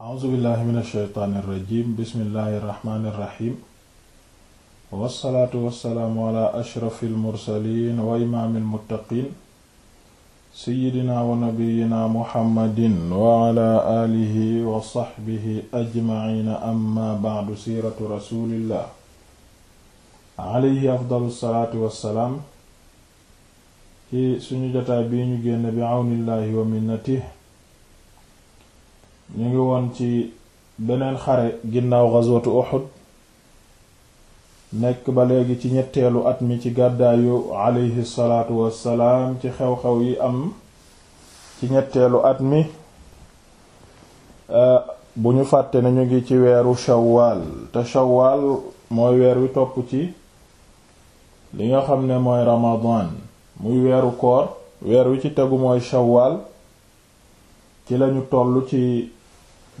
auzubillahi min alsheytaan irrajim bismillahi irrahmaani irrahim wassalaatu wassalaamu ala ashrafi almursalin wa imaami almuttaqin seyidina wa nabiyina muhammadin wa ala alihi wa saxbihi ajmaciina amma bacdu siiratu rasulillah alayhi afdalu salaatu wassalaam ci suñu jotaay bii ñu génn bi awnillahi wa minnatihi ñu ngi woon ci beneen xare ginnaaw ghazwatu Uhud nekk ba léegi ci ñetteelu at mi ci gàddaayu aleyhi salaatu wassalaam ci xew-xew yi am ci ñetteelu at mi euh, bu ñu fàtte nañu ngi ci weeru shawaal te shawaal mooy weer wi topp ci li nga xam ne mooy ramadan muy weeru koor weer wi ci tegu mooy shawaal ci lañu tollu ci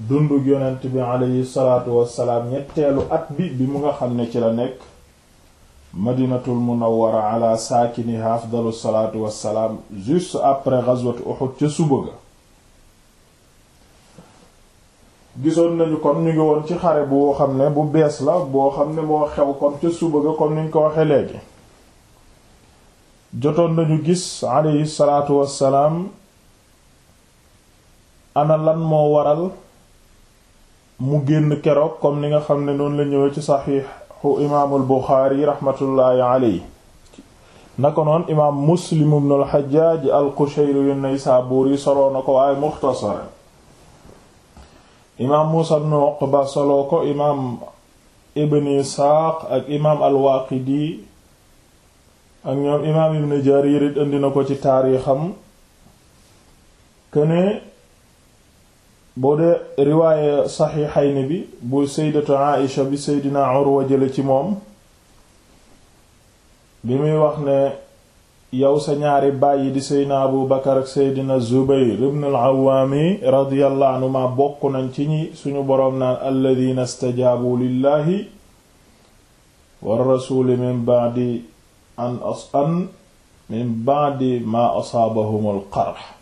dundug yonent bi aleyhi salaatu wassalaam ñetteelu at bi bi mu nga xam ne ci la nekk madinatul munawwara ala saakiniha afdalu salaatu wassalaam juste après ghazwatu Uhud ca suba ga gisoon nañu kon ñu ngi woon ci xare boo xam ne bu bees la boo xam ne moo xew kon ca suba ga comme niñ ko waxe léegi jotoon nañu gis aleyhi salaatu wassalaam ana lan moo waral mu génn keroog comme ni nga xam ne noonu la ñëwee ci saxiixu imaamul buxaari raxmatullaahi aleyhi naka noon imaam muslim ibnul xajjaaj al qushayri yu naysaabuuri soloo na ko waaye muxtasara imaam muusa ibnu uqba soloo ko imaam ibn isxaaq ak imaam al waaqidi ak ñoom imaam ibn jariir it indi na ko ci taarixam këne boo dee riwaaye saxiixayni bi bu saydatu aisha bi seydina urwa jële ci moom bi muy wax ne yow sa ñaari bàyyi di seydina abu bakar ak seydina zubayr ibn al-awaami radiyallahu anhuma bokk nañ ci ñi suñu borom naan alladina stajaabu lillahi war min ba'di an an min ba'di ma asaabahumul qarh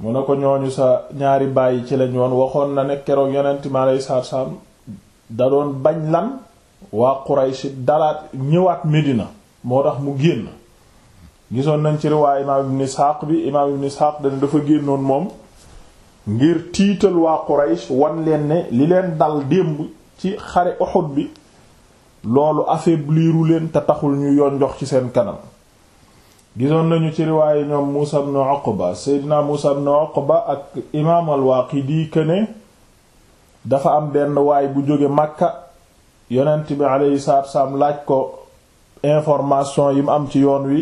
mu ne ko ñooñu sa ñaari bàyyi ci lañ woon waxoon na ne keroog yonent mi aleyhi salaatu salaam da doon bañ lan waa Quraysh dalaat ñëwaat Medina moo tax mu génn gisoon nañ ci riwaay imaam ibn Isxaaq bi imaam ibn Isxaaq dana dafa génnoon moom ngir tiital waa Quraysh wan leen ne li leen dal démb ci xare Uhud bi loolu affaibliru leen te taxul ñu yoon jox ci seen kanam gisoon nañu ci riwaaye ñoom Muusa ibn Uqba Seydina Muusa ibn ba ak imaam al-Waaqidi këne dafa am benn waay bu jóge Makka yonent bi alayhi salaatu salaam laaj ko information yi mu am ci yoon wi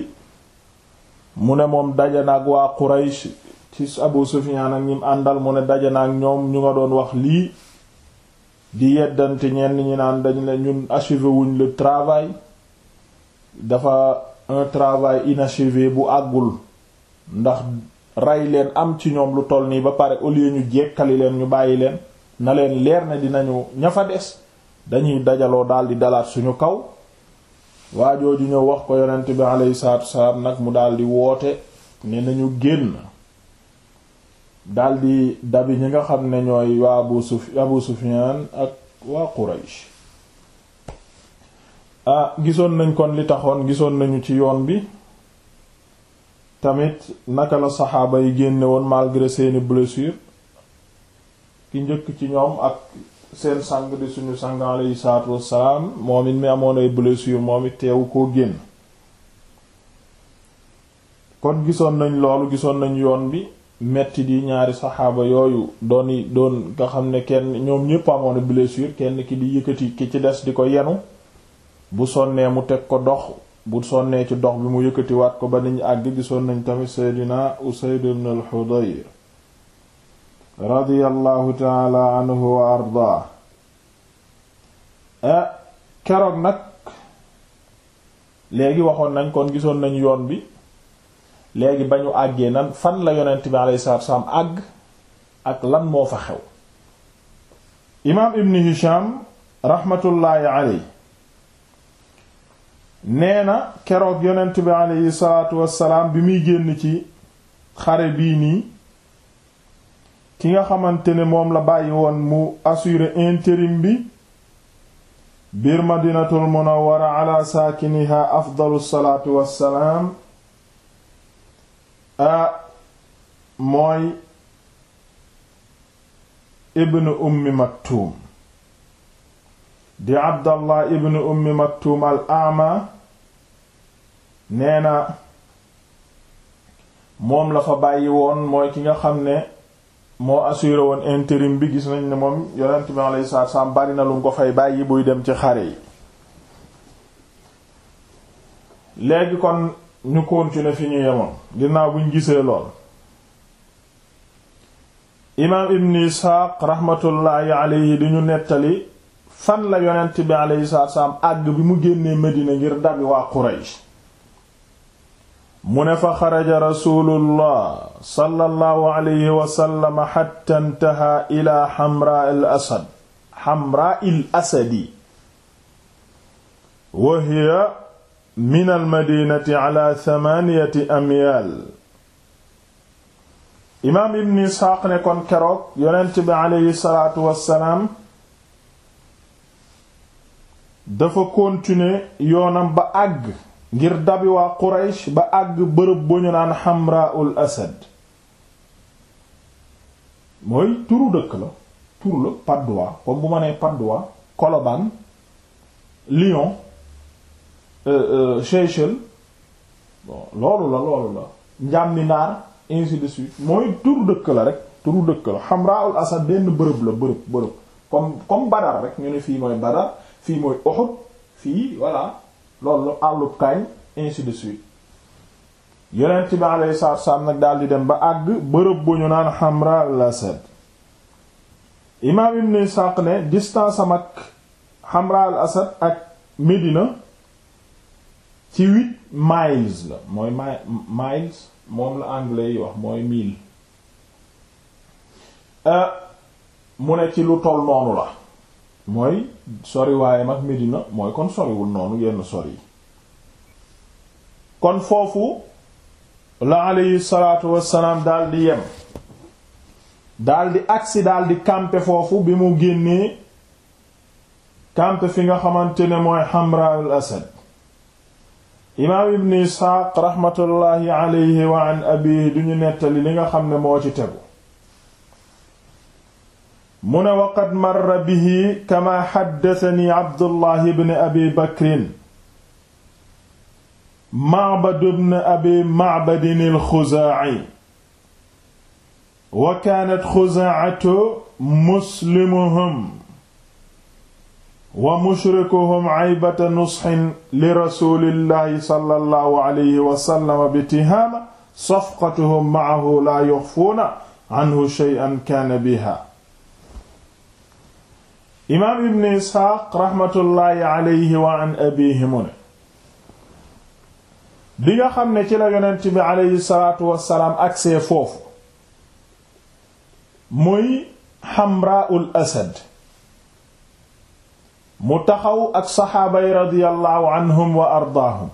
mu ne moom daje na ak waa Quraysh ci Abu Sufyaan ak ñim àndal mu ne daje naa ak ñoom ñu nga doon wax lii di yeddante ñenn ñi naan dañ ne ñun achevé wuñ le travail dafa un travail inachevé bu àggul ndax ray leen am ci ñoom lu toll nii ba pare au lieu ñu jekkali leen ñu bàyyi leen na leen leer na dinañu ña fa des dañuy dajaloo daal di dalaat suñu kaw waajooju ñëw wax ko yonent bi alayhi salaatu wasalaam nag mu daal di woote ne nañu génn daal di dabi ñi nga xam ne ñooy waa Abu Sufyaan ak waa Quraysh ah gisoon nañ kon li taxoon gisoon nañu ci yoon bi tamit naka la saxaaba yi génne woon malgré seeni blessure ki njëkk ci ñoom ak seen sang di suñu sang alayhi salaatu wassalaam moom it mi amoon ay blessure moom it teewu koo génn kon gisoon nañ loolu gisoon nañu yoon bi metti di ñaari saxaaba yooyu doon yi doon nga xam ne kenn ñoom ñépp amoon blessure kenn ki di yëkkati ki ci des di ko yenu bu sonnee mu teg ko dox bu sonnee ci dox bi mu yëkkatiwaat ko ba niñ àgg gisoon nañ tamit seydina usayd ibn al-hudayr radiyallahu taala anhu wa ardaa ah keroog nag léegi waxoon nañ kon gisoon nañ yoon bi léegi ba ñu àggee nan fan la yonent bi alayhi salaatu salaam àgg ak lan moo fa xew imaam ibn hisham raxmatullaahi alayhi nee na keroog yonent bi aleyhi salaatu wassalaam bi muy génn ci xare bii nii ki nga xamante ne moom la bàyyi woon mu assurer intérim bi biir madinatul munawwara ala saakiniha afdalu salaatu wassalaam a mooy ibn ummi maktuum di abdallah ibn ummi maktuum al ama nee na moom la fa bàyyi woon mooy ki nga xam ne moo assuré woon intérim bi gis nañ ne moom yonent bi alayhi salaatu salaam bari na lu mu ko fay bàyyi buy dem ci xare yi léegi kon ñu continuer fi ñu yemoon dinaaw buñ gisee lool imaam ibn isxaaq raxmatullaahi alayhi di ñu nettali fan la yonent bi alayhi salaatu àgg bi mu génnee Medina ngir dabi waa Quraysh mu ne fa xaraja rasulullah sallallahu alayhi wasallam xatta ntaha ila xamraa il asad xamraa il asadi wa hiya min almadinati ala thamaniyati amyaal imaam ibn isxaaq ne kon keroog yonent bi aleyhi salaatu wassalaam dafa continuer yoonam ba àgg ngir dabi waa ba àgg bërëb bu ñu naan Hamraul Asad mooy turu dëkk la turu la Padoua comme bu ma nee Padoua Colobane Lyon euh, euh, Seychelles bon loolu la loolu la Njàmminaar ainsi de suite mooy turu dëkk la rek turu dëkk la Hamraul Asad benn bërëb la bërëb bërëb comme comme rek ñu ne fii mooy Badar fii mooy Uhud fii voilà loolu àllub kaañ ainsi de suite yonent bi alayhi salaatu salaam nag daal dem ba àgg bërëb bu ñu naan Hamra al-Asad imaam Ibn Ishaq ne distance am ak Hamra al-Asad ak Medina ci huit miles la mooy miles moom la anglais yi wax mooy mil euh, mu ne ci lu toll noonu la mooy sori waaye mag Medina mooy kon soriwul noonu yenn sori yi kon foofu la alayhi salaatu wassalaam dal di yem dal di agsi dal di camper foofu bi mu génnee camper fi nga xamante ne mooy Hamra al Asad imaam ibn Isxaaq raxmatullaahi alayhi wa an abiihi duñu nettali li nga xam ne moo ci tegu mu ne waqad marra bihi kama xaddasani abdullah ibn abi bakrin macbad ibn abi macbadin alxuzaaci wa kaanat xuzaacatu muslimuhum wa mushrikuhum caybata nusxin lirasulillahi sallallahu alayhi wa sallam bitihaama safqatuhum macahu laa yuxfuuna canhu shay'an kaana biha imaam ibn isxaaq raxmatullaahi alayhi wa an abihi bi nga xam ne ci la yonent bi alayhi salaatu wassalaam foofu muy xamraul asad mu taxaw ak saxaabay yi radiyallahu wa ardaahum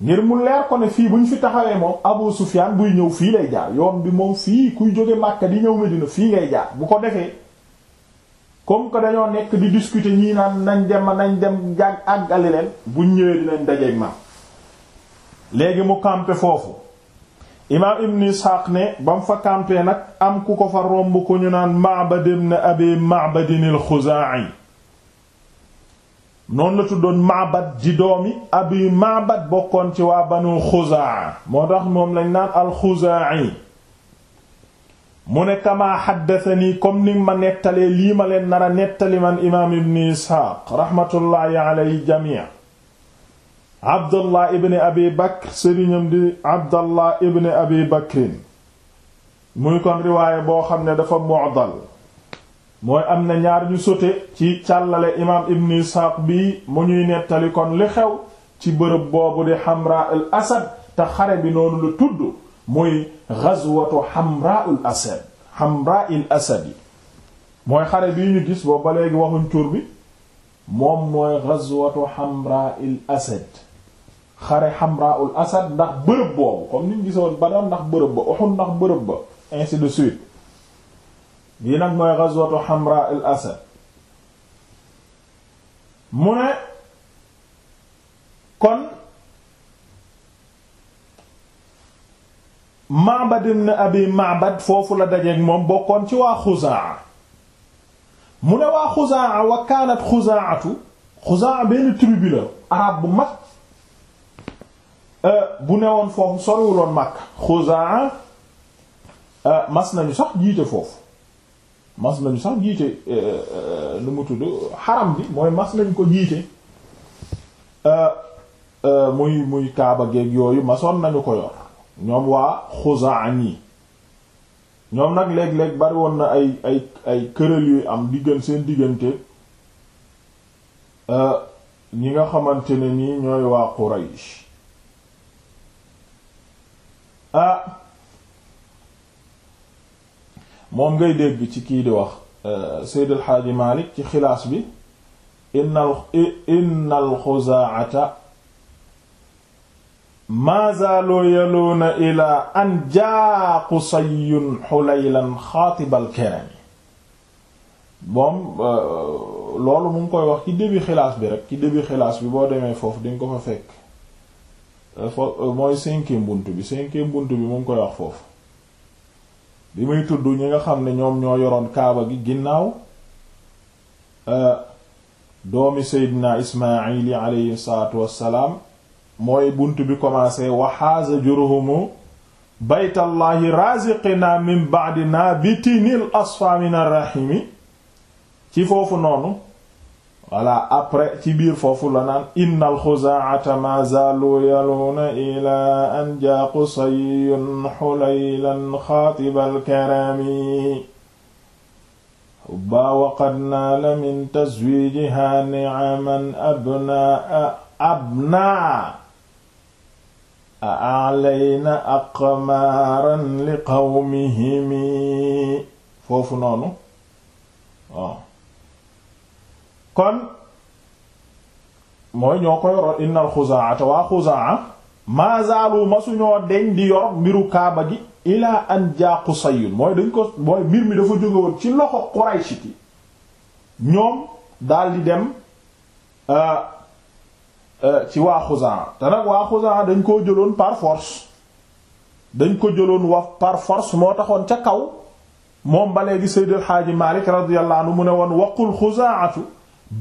ngir mu leer ko ne fii bu ñu fi taxawee moom abu sufyaan buy ñëw fii lay jaar yoon bi moom fii kuy jóge màkka di ñëw medina fii ngay jaar bu ko defee comme ko dañoo nekk di discuter ñii naan nañ dem nañ dem jàgg àggali leen buñ ñëwee dinañ dajeeg ma léegi mu campé foofu imaam ibn Ishaq ne ba mu fa campé nag am ku ko fa romb ko ñu naan Ma'bad ibn Abi Ma'bad al-Khuzaa'i noonu la tuddoon Ma'bad ji doomi Abi Ma'bad bokkoon ci waa Banu Khuzaa moo tax moom lañ naan al yi mu ne kamaa xaddasani comme ni ma nettalee lii ma leen nara nettali man imaam ibn isxaaq raxmatullaahi aley jamii abdallah ibn abi bakr sëriñam di abdallah ibn abi bakrin muy kon riwaaye boo xam ne dafa mu'dal am na ñaar ñu sote ci càllale imaam ibn isxaaq bi mu ñuy nettali kon li xew ci bërëb boobu di xamra al asad te xare bi noonu la tudd muy ghazwatu hamra'ul asad hamra'il asad yi mooy xare bi ñu gis boobu ba léegi waxuñ tur bi moom mooy ghazwatu hamra'il asad xare hamra'ul asad ndax bërëb boobu comme niñ gisoon ba daan ndax bërëb ba Uhud ndax bërëb ba ainsi suite lii nag mooy ghazwatu hamra'il asad mu ne kon Ma'bad ibn Abi Ma'bad foofu la dajeeg moom bokkoon ci waa Xuzaa mu ne waa Xuzaa wa kaanat Xuzaatu Xuzaa bu mag euh, bu newoon foofu soriwuloon Makka Xuzaa euh, mas nañu sax jiite foofu mas nañu sax jiite lu euh, mu tudd xaram bi mooy mas nañ ko jiite muy muy Kaaba geeg yooyu masoon nañu ko yor. ñoom waa xuzaan yi ñoom nag léeg-léeg bari na ay ay ay këral yuy am diggan seen diggante euh, ñi nga xamante ne nii ñooy waa Quraysh ah moom ngay dégg ci kii di wax euh, Seyd El Hadji ci xilaas bi innal innal xuzaata maazaaloo yaluuna ilaa an jaa qusayun xulaylan xaatibal kerami moom euh, loolu mu ngi koy wax ci début xilaas bi rek ci début xilaas bi boo demee foofu di ko fa fekk euh, fo euh, mooy cinquième bunt bi cinquième bunt bi mu ngi koy wax foofu bi muy tudd ñi nga xam ne ñoom ñoo yoroon kaaba gi ginnaaw doomi seydina ismaayili aleyhi salaatu wassalaam mooy bunt bi commencé waxaaza jurhumu baytallahi raziqina min ba'dina bitinil asfa min arrahimi ci foofu noonu voilà après ci biir foofu la naan innal xuzaata ma zaalu yaluna ila an jaa qusayun xulaylan xaatibal karami hubbaa waqad naala min tazwijiha ni'aman abnaa abnaa alayna aqmaaran li qawmihimi foofu noonu waaw kon mooy ñoo ko yoroon innal xuzaata waa xuzaa maa zaalu masuñoo deñ di yor mbiru kaaba gi ilaa an jaa Qusay mooy dañ ko mooy mbir mi dafa jóge woon ci loxo Quraysh yi ñoom daldi dem euh, Euh, ci waa Xuzaa te nag waa Xuzaa dañ koo jëloon par force dañ ko jëloon wax par force moo taxoon ca kaw moom ba léegi Seydil Xaaji Maalik radiyallahu anhu mu ne woon waqul Xuzaa'atu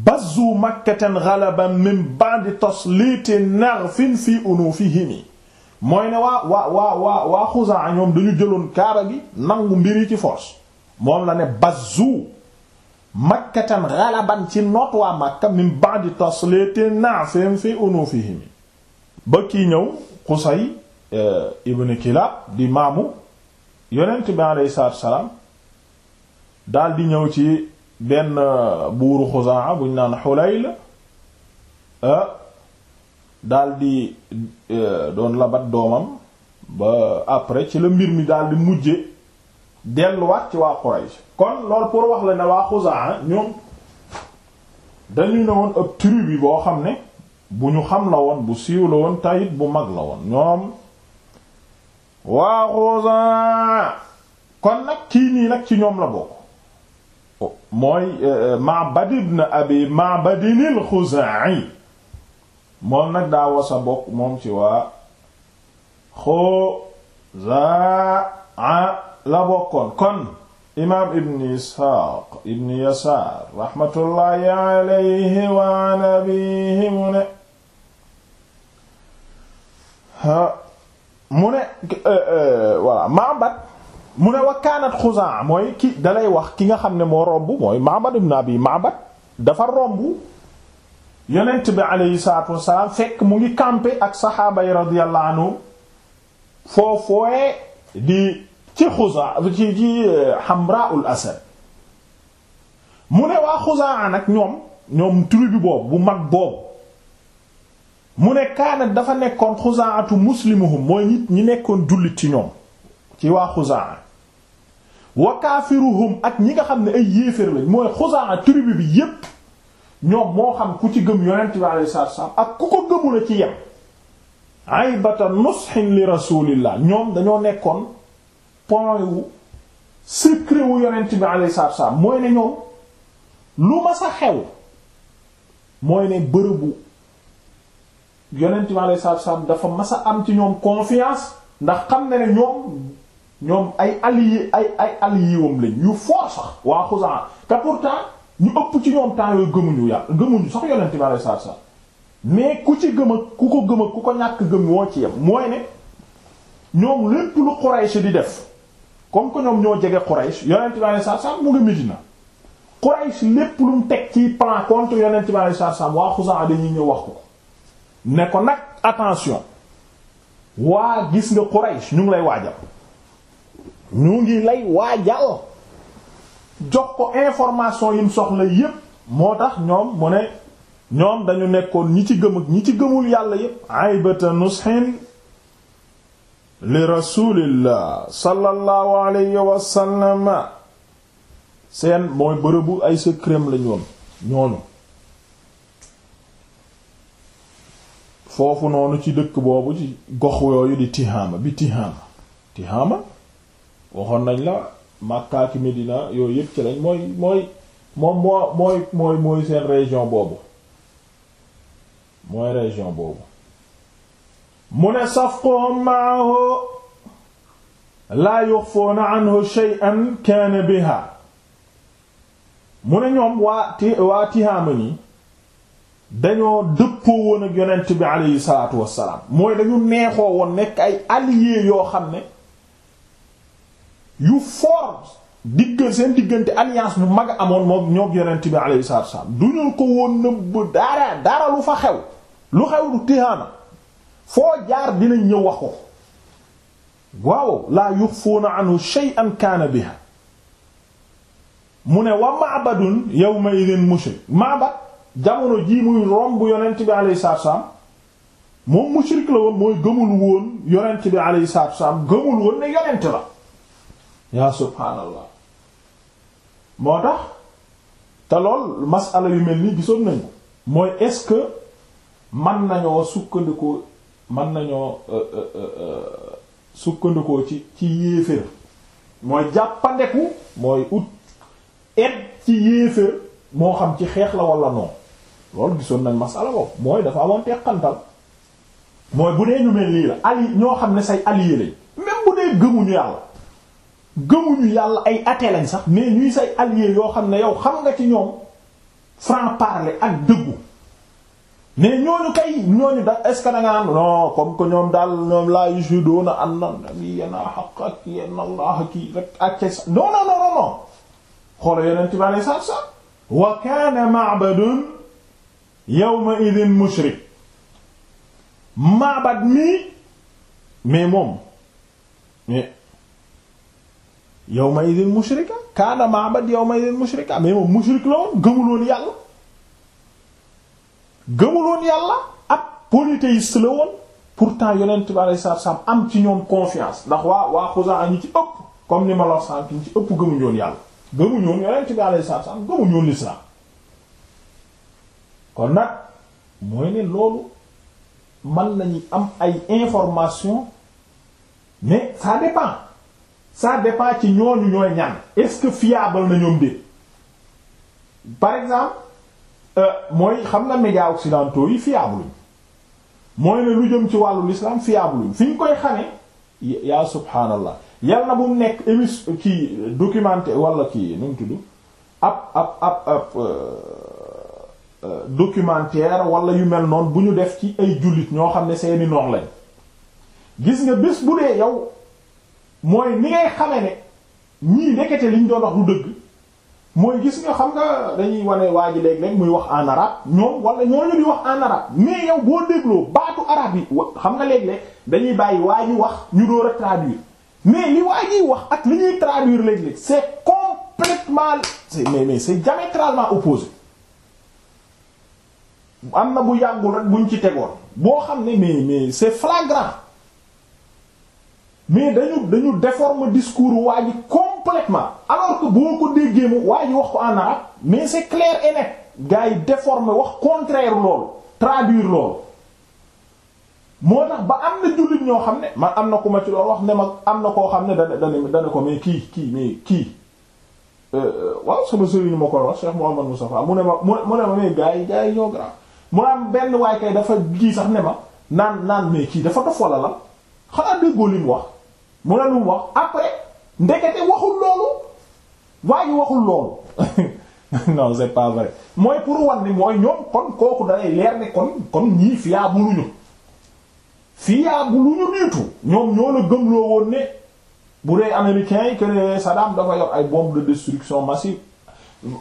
bazzu makkatan ghalaban min ba'di tasliiti naghfin fii unuufihim mooy ne waa mooy waa waa waa ñoom dañu jëloon kaara gi nangu mbir yi ci force moom la ne bazzu makkatan ghalaban ci noot waa makka min ba'di tasliti na'fin fi unufihim ba kii ñëw Qusay eh, ibn Kilab di maamu yonent bi alayhi salaatu salaam daal di ñëw ci benn eh, buuru Xuzaa buñ naan Xulayl eh, daal di doon labat doomam ba après ci la mbir mi daal di mujje delluwaat ci waa Quraysh kon loolu pour wax la ne waa Xuzaa ñoom dañu woon ab tribu bi boo xam ne bu ñu xam la woon bu siiw la woon tayit bu mag la woon ñoom waa Xuzaa kon nag kii nii nag ci ñoom la bokk mooy euh, Ma'bad ibn Abi Ma'bad al-Xuzaa'i moom nag daa wasa bokk moom ci waa Xuzaa la bokkoon kon imaam ibn isxaaq ibn yasaar raxmatullaahi alayhi wa mu ne mu ne eh, eh, voilà Ma'bad mu ne wa kaanat Xuzaa mooy ki dalay wax ki nga xam ne moo romb mooy Ma'bad ibn Abi Ma'bad dafa romb yonent bi aleyhi salaatu wassalaam fekk mu ngi campé ak saxaaba yi radiyallahu anhu foofooye di ci xusaa ci ci eh, Hamra'ul Asad mu ne waa xusaa nag ñoom ñoom tribu boobu bu mag boobu mu ne kaanat dafa nekkoon xusaatu muslimuhum mooy nit ñi nekkoon jullit ci ñoom ci waa xusaa wa kaafiruhum ak ñi nga xam ne ay yéeféer lañ mooy xusaa bi yépp moo xam ku ci gëm yonent bi alayhi salaatu ak ku ko gëmula ci yem aybata nushin li rasulillah ñoom dañoo nekkoon point wu secret wu yonent bi alayhi salaatu salaam mooy ne ñoom lu ma sa xew mooy ne bërëbu yonent bi alayhi salaatu salaam dafa mas a am ci ñoom confiance ndax xam na ñoom ñoom ay alliés ay ay alliés wam yu fort sax waa Xuzaa te pourtant ñu ëpp ci ñoom temps yooyu gëmuñu yàlla gëmuñu sax yonent bi alayhi salaatu salaam mais ku ci gëm ak ku ko gëm ak ku ko ñàkk gëm woo ci yam mooy ne ñoom lépp lu Quraysh di def comme que ñoom ñoo jege Quraysh yonent bi alayhi salaam mu ngi Medina Quraysh lépp lu mu teg ci plan contre yonent bi alayhi salaam waa ne ko nag attention waa gis nga Quraysh ñu ngi lay waajal ñu ngi lay waajal jox ko information yi mu soxla yépp moo tax ñoom mu ne ñoom dañu nekkoon ñi ci gëm ñi ci gëmul yàlla yépp aybata nushin li rasulillah sallallahu alayhi wasallam seen mooy bërëbu ay secret lañ woon ñooñu foofu noonu ci dëkk boobu ci gox yooyu di tihaama bi tihaama tihaama waxoon nañ la Makka ki Medina yooyu yëpp ci lañ mooy mooy moom mooy mooy seen région boobu mooy région boobu mu ne safquhum maahu laa yuxfuuna anhu shay'an kaana biha mu ne ñoom waa ti waa tihaama ñi dañoo dëppoo woon ak yonent bi aleyhi salaatu wassalaam mooy dañu neexoo woon nekk ay alliés yoo xam ne yu fort diggal seen diggante alliance bu mag amoon moom ñoom yonent bi aleyhi salaatu wassalaam du ko woon nëbb dara dara fa xew lu xew du tihaama foo jaar dinañ ñëw wax ko waaw laa yuxfuuna anhu shay'an kaana biha mu ne wa ma'badun yawma idin mushrik ma'bad jamono ji muy romb yonent bi alayhi salaatu wassalaam moom mushrik la woon mooy gëmul woon yonent bi alayhi salaatu wassalaam moo tax te lool masala yu mel nii gisoon nañu mooy est-ce que mën nañoo sukkandiku man nañoo euh, euh, euh, sukkandikoo ci ci yéeféer mooy jàppandeku mooy ut et ci yéeféer moo xam ci xeex la wala non loolu gisoon nañ masala boobu mooy dafa amoon teqantal mooy bu dee ñu mel lii la ali ñoo xam ne say allié lañ même bu dee gëmuñu yàlla gëmuñu yàlla ay athée lañ sax mais ñuy say allié yoo xam ne yow xam nga ci ñoom franc-parler ak dëggu mais ñooñu kay ñooñu da est ce que da nga ñoom daal ñoom laa yashhaduna anna nabiyana haqq ak yenn allah kii rek acca sa non non non non xoolal yeneen tubaab wa kaana ma'badun yawma idhin mushrik ma'bad mi mais moom mais yawma idhin mushrika kaana ma'bad yawma idhin mushrika mais moom mushrik la woon yàlla. gëmuloon yàlla ab polythéiste la woon pourtant yonent bi alayhi salaatu salaam am ci ñoom confiance ndax waa waa Xuzaa ñu ci ëpp comme ni ma la sant ñu ci ëpp gëmuñoon yàlla gëmuñoon yonent bi alayhi salaatu salaam gëmuñoon lislaam kon nag mooy ne loolu mën nañu am ay information mais ça dépend ça dépend ci ñooñu ñooy ñan est-ce que fiable na ñoom de par exemple Euh, mooy xam na médias occidentaux yi fiable mooy ne lu jëm ci wàllu l'islam fiable fi ñu koy xamee yaa subhaanallah yal na bu mu nekk émis ci documenté wala kii nu mu euh, euh, documentaire wala yu mel noon bu ñu def ci ay jullit ñoo xam ne seeni noon lañ gis nga bés bu dee yow mooy ni ngay xame ne ñii nekkete liñ doon wax dëgg mooy gis nga xam nga dañuy wane waa ji léeg muy wax en arabe ñoom wala ñooñu di wax en arabe mais yow boo dégloo baatu arabe yi xam nga léeg-léeg dañuy bàyyi waa ji wax ñu door a traduire mais li waa jiy wax ak li ñuy traduire léeg-léeg c'est complètement c'est mais mais c'est diamétralement opposé am na bu yàggul rek buñ ci tegoon boo xam ne mais mais c'est flagrant mais dañu dañu déforme discours waa complètement alors que boo ko déggee mu waa ji wax ko en arabe mais c'est clair et net yi déformé wax contraire loolu traduire loolu moo tax ba am na jullit ñoo xam ne man am na ku ma ci loolu wax ne ma am na koo xam ne dana dana dana ko mais kii kii mais kii euh, euh, waaw sama sëriñ ma ko wax Cheikh Mouhamadou mu ne ma mu ne ma mais gars yi gars yi ñoo grave mu am benn waay kay dafa kii sax ne ma naan naan mais kii dafa dof wala la xanaa déggoo li wax mu ne lu wax après. ndekete waxul loolu waa ji waxul loolu non c'est pas vrai mooy pour wan ni mooy ñoom kon kooku dalay leer ne kon kon ñii fiaabu lu ñu fiaabu lu ñu niitu ñoom ñoo la gëmloo woon ne bu dee américains yi que Saddam dafa yor ay bombe de destruction massive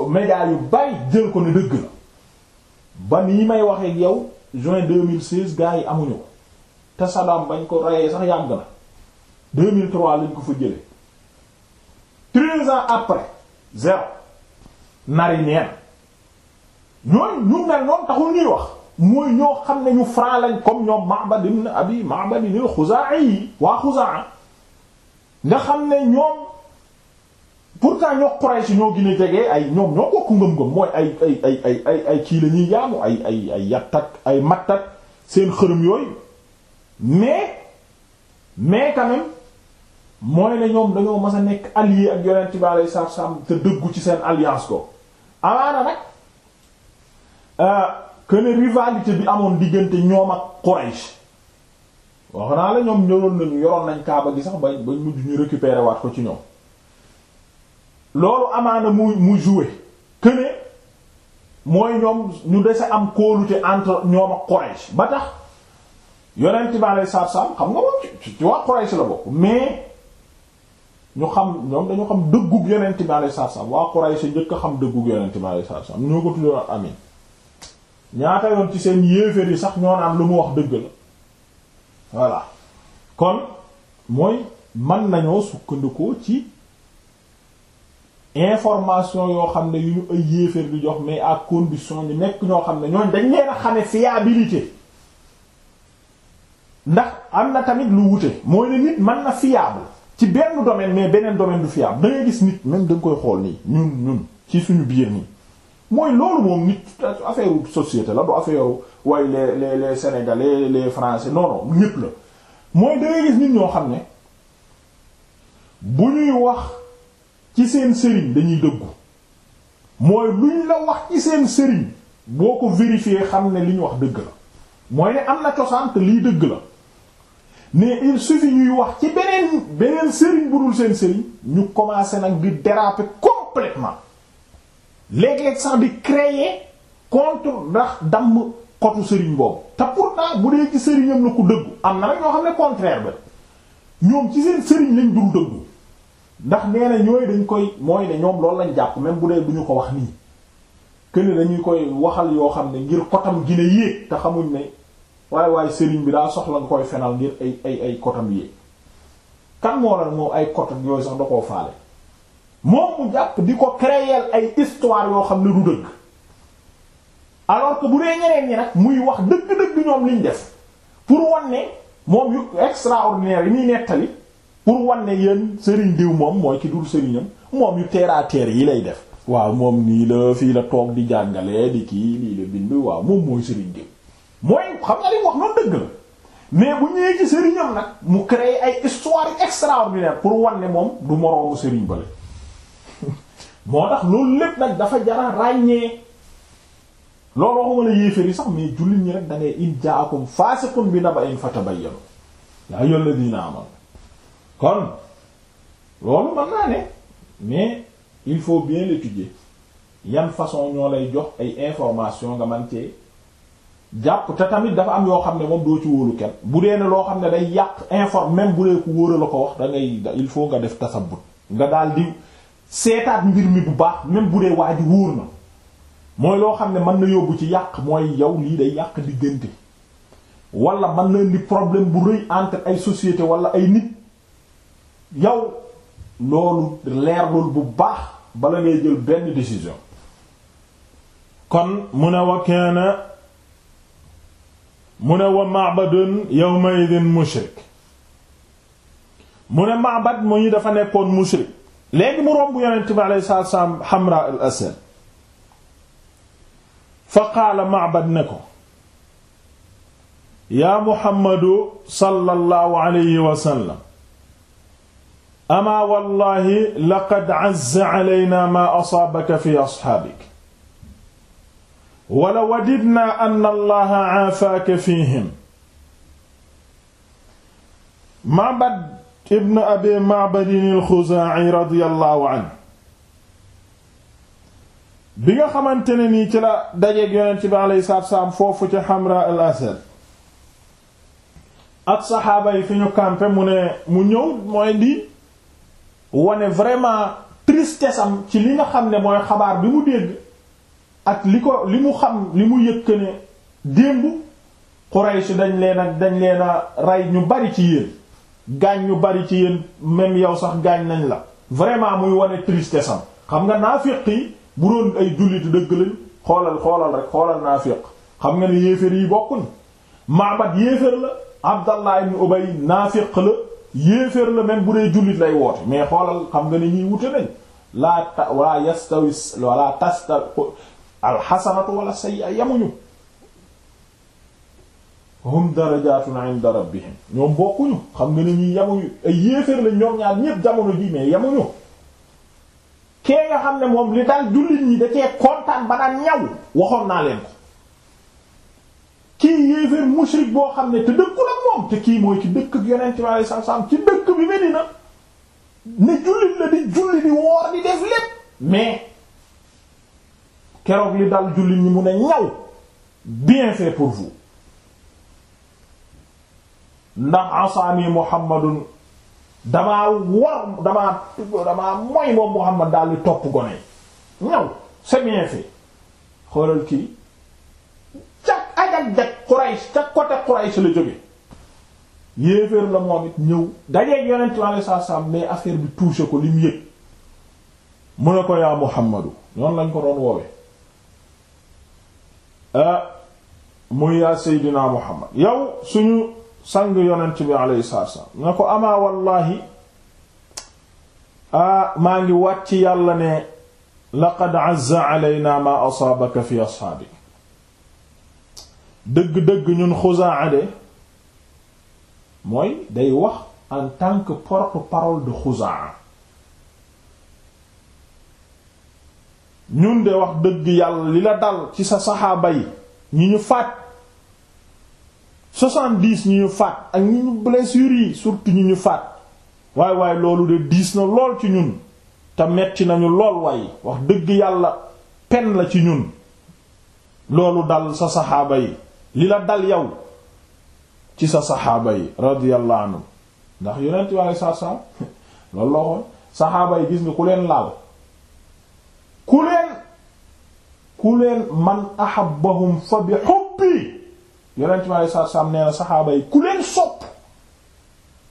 médias yu bari jël ko ne dëgg la ba nii may waxee ak yow juin 2016 gars yi amuñu ko te Saddam bañ ko reyee sax yàgg na 2003 lañ ko fa jële treize ans après zéro marinière ñooñ ñu mel noonu taxul ñuy wax mooy ñoo xam ne ñu franc lañ comme ñoom Ma'bad ibn Abi Ma'bad ni Xuzaa'i yi waa Xuzaa nga xam ne ñoom pourtant ñoo Quraysh ñoo gën a jege ay ñoom ñoo bokk ngëm-ngëm mooy ay ay ay ay kii la ñuy jaamu ay ay ay yattak ay mattak seen xërëm yooyu mais mais quand mooy ne ñoom dañoo mas a nekk allié ak yonent bi alayhi salaatu salaam te ci seen alliance ko amaana nag euh, bi amoon diggante ñoom ak Quraysh wax naa ñoom ñoroon nañu yoroon nañ kaaba gi sax ba ñu récupérer waat ko ci ñoom loolu amaana mu mu jouer mooy ñoom ñu dese am kóolute entre ñoom ak Quraysh ba tax yonent bi xam nga moom ci waa Quraysh la bokk mais. ñu xam ñoom dañu xam dëggug yonent bi alayhi salaam waa Quraysh njëkk a xam dëggug yonent bi alayhi salaam ñoo ko tuddoon amin ñaata yoon ci seen yéeféer yi sax ñoo naan lu mu wax dëgg la voilà kon mooy mën nañoo sukkandikoo ci information yoo xam ne yu ñu ay yéeféer di jox mais ak condition ñu nekk ñoo xam ne ñooñ dañ leen a xame fiabilité ndax am na tamit lu wute mooy ne nit mën na fiable ci benn domaine mais beneen domaine du fi am da ngay gis nit même da nga koy xool nii ñun ñun ci suñu biir nii mooy loolu moom nit affaire société la du affaire waaye les les les sénégalais les français ñëpp la mooy da gis nit ñoo xam ne bu ñuy wax ci seen sëriñ dañuy dëggu mooy luñ la wax ci seen sëriñ boo ko vérifier xam ne li ñu wax dëgg la mooy ne am na cosaan te lii dëgg la. mais il suffit ñuy wax ci beneen beneen sëriñ bu dul seen sëriñ ñu commencé nag di déraper complètement léeg-léeg sax di créer contre ndax damm xotu sëriñ boobu te pourtant bu dee ci sëriñam la ko dëggu am na nag ñoo xam ne contraire ba ñoom ci seen sëriñ lañ dul dëggu ndax nee na ñooy dañ koy mooy ne ñoom loolu lañ jàpp même bu dee du ñu ko wax nii que ne dañuy koy waxal yoo xam ne ngir xotam gine yéeg te xamuñ ne waaye waaye sëriñ bi daa soxla nga koy fenal ngir ay ay ay kotam yi kan moo la moom ay kotam yooyu sax da koo faale moom mu jàpp di ko créer ay histoire yoo xam ne du dëgg alors que bu dee ñeneen ñi muy wax dëgg-dëgg ñoom liñ def pour wan ne moom yu extraordinaire yi muy nettali pour wan ne yéen sëriñ diw moom mooy ki dul sëriñam moom yu terre yi lay def waaw moom nii la fii la toog di jàngalee di kii lii la bind waaw moom mooy sëriñ diw mooy xam nga li wax noonu dëgg la mais bu ñëwee ci sëriñam nag mu créé ay histoire extraordinaire pour wan moom du moroomu sëriñ bale moo tax loolu lépp nag dafa jara ràññee loolu waxuma la yéeféer yi sax mais jullit ñi rek da ngay in jaakum faasiqun bi naba'in fatabayyanu yaa ayyuhal ladina amanu kon loolu mën naa ne mais il faut bien l'étudier yan façon ñoo lay jox ay information nga man cee jàpp te tamit dafa am yoo xam ne moom doo ci wóolu kenn bu dee ne loo xam ne day yàq informe même bu dee ku wóor la ko wax da il faut nga def tasabbut nga daal di seetaat mbir mi bu baax même bu dee waa ji wóor na mooy loo xam ne mën na yóbbu ci yàq mooy yow lii day yàq diggante wala mën na indi problème bu rëy entre ay société wala ay nit yow loolu leerlul bu baax bala ngay jël benn décision kon mu ne wa kaana mu ne wa ma'badun yawma idin mushrik mu ne ma'bad mu ñu dafa nekkoon mushrik léegi mu romb yonent bi alayhi salaatu salaam Hamra al-Asad fa qaala ma'bad ne ko yaa Muhammadu sallallahu alayhi wa sallam amaa wallaahi laqad azza alaynaa maa asaabaka fi ashaabik wala wadidna anna allaha aafaaka fihim Ma'bad ibn abi Ma'badin al-Khuzaa'i radiyallahu anhu bi nga xamante ne nii ci la dajeeg yonent bi alayhi salaatu salaam foofu ci Hamra al-Asad ak saxaaba yi fi ñu campé mu ne mu ñëw mooy di wane vraiment tristesse am ci li nga xam ne mooy xabaar bi mu dégg ak li ko li mu xam li mu yëkk ne démb Quraysh dañ leen a dañ leen a rey ñu bari ci yéen gaañ ñu bari ci yéen même yow sax gaañ nañ la vraiment muy wane tristesse am xam nga naafiq yi bu doon ay jullit dëgg lañ xoolal xoolal rek xoolal naafiq xam nga ne yéeféer yi bokkuñ Ma'bad yéeféer la Abdallah ibn Ubay naafiq la yéeféer la même bu dee jullit lay woote mais xoolal xam nga ne ñuy wute nañ laa ta wala yastawi wala tasta alxasanatu wala sayyi'a yamuñu hum darajatun 'inda rabbihim ñoom bokkuñu xam nga ne ñuy yamuñu ay yéeféer la ñoom ñaar ñépp jamono jii mais yamuñu kee nga xam ne moom li daal jullit ñi da kontaan ba daan ñaw waxoon naa leen ko kii yéeféer mushrik boo xam ne te dëkkul moom te kii mooy ci dëkk yonent bi alayhi salaam ci dëkk bi Medina ne jullit la di julli di woor di def lépp mais keroog li dal jullit ñi mu ne ñaw bien fait pour vous ndax asaani muhammadun damaa war damaa damaa mooy moom muhammad daal di topp gone yi ñaw c'est bien fait xoolal kii ca ajak jak Quraysh ca côté Quraysh la jóge yéeféer la moom it ñëw dajeeg yonent bi alei satu salaam mais affaire bi touché ko li mu yëg mu ne ko yaa muhammadu noonu lañ ko doon woowe Ah, muy yaa seydinaa muhammad yow suñu sang yonent bi alayhi salaam na ko amaa wallaahi a ah, maa ngi wàcc yàlla ne laqad azza alaynaa maa asaabaka fi asxaabik dëgg-dëgg ñun xuzaa de mooy day wax en tant que porte-parole de xuzaa ñun de wax dëgg yàlla li la dal ci sa saxaaba yi ñi ñu faat soixante-dix ñi ñu faat ak ñi ñu blessures yi surtout ñi ñu faat waaye waaye loolu de diis na lool ci ñun te metti nañu lool waaye wax dëgg yàlla pen la ci ñun loolu dal sa saxaaba yi li la dal yow ci sa saxaaba yi radiyallahu anhu ndax yonent bi alei satu salam loolu saxaaba yi gis nga ku leen laal ku leen ku leen man ahabbahum fa bi hubbi yonent mi alayhi salaatu saxaaba yi ku leen sopp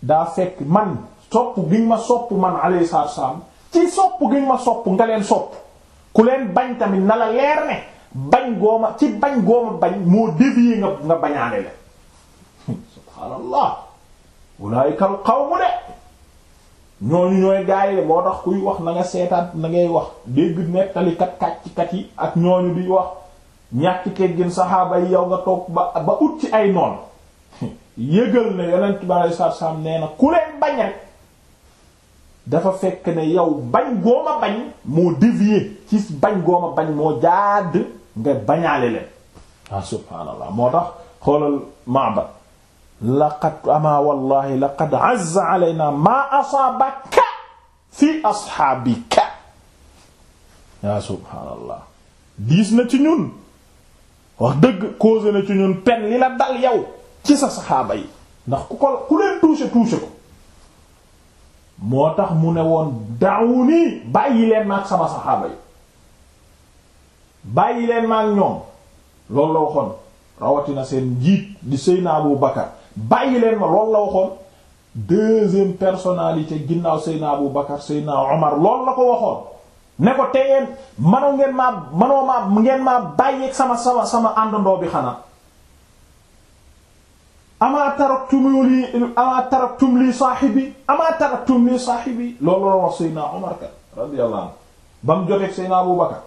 daa fekk man sopp gi ma sopp man alayhi salaatu salaam sopp gi ma sopp nga leen ku leen bañ tamit na la leer ne bañ gooma ci bañ gooma bañ moo dévier nga nga bañaane leen subhaanallah ulaa'ika al qawmu de ñooñu ñooy gaay moo tax kuy wax na nga seetaat na ngay wax dégg nettalikat kàccikat yi ak ñooñu di wax ñàkk teggin saxaaba yi yow nga toog ba ba ut ci ay noon yëgal ne yonent bi alei satu salaam nee na ku leen bañ dafa fekk ne yow bañ gooma bañ moo dévier ci bañ gooma bañ moo jaad nga bañaale leen ah subhaanallah moo tax xoolal Ma'bad laqad ama wallahi laqad azza alayna ma asaabaka fi asxaabika yaa subhaanallah diis na ci ñun wax dëgg causé na ci ñun pen li la dal yow ci sa saxaaba yi ndax ku ko ku leen touché touché ko moo tax mu ne woon daawu nii bàyyi leen maag sama saxaaba yi bàyyi leen maag ñoom loolu la waxoon rawatina seen njiit di Seydina Abu Bakar bàyyi leen ma loolu la waxoon deuxième personnalité ginnaaw Seydina Abu Bakar Seydina Omar loolu la ko waxoon ne ko tegeen manoo ngeen maa manoo maa ngeen maa bàyyeeg sama sama sama àndandoo bi xanaa amaa taraktum li amaa taraktum li saahibi amaa taraktum li saahibi loolu la wax Seydina Omar ka radiyallahu anhu ba mu joteeg Seydina Abu Bakar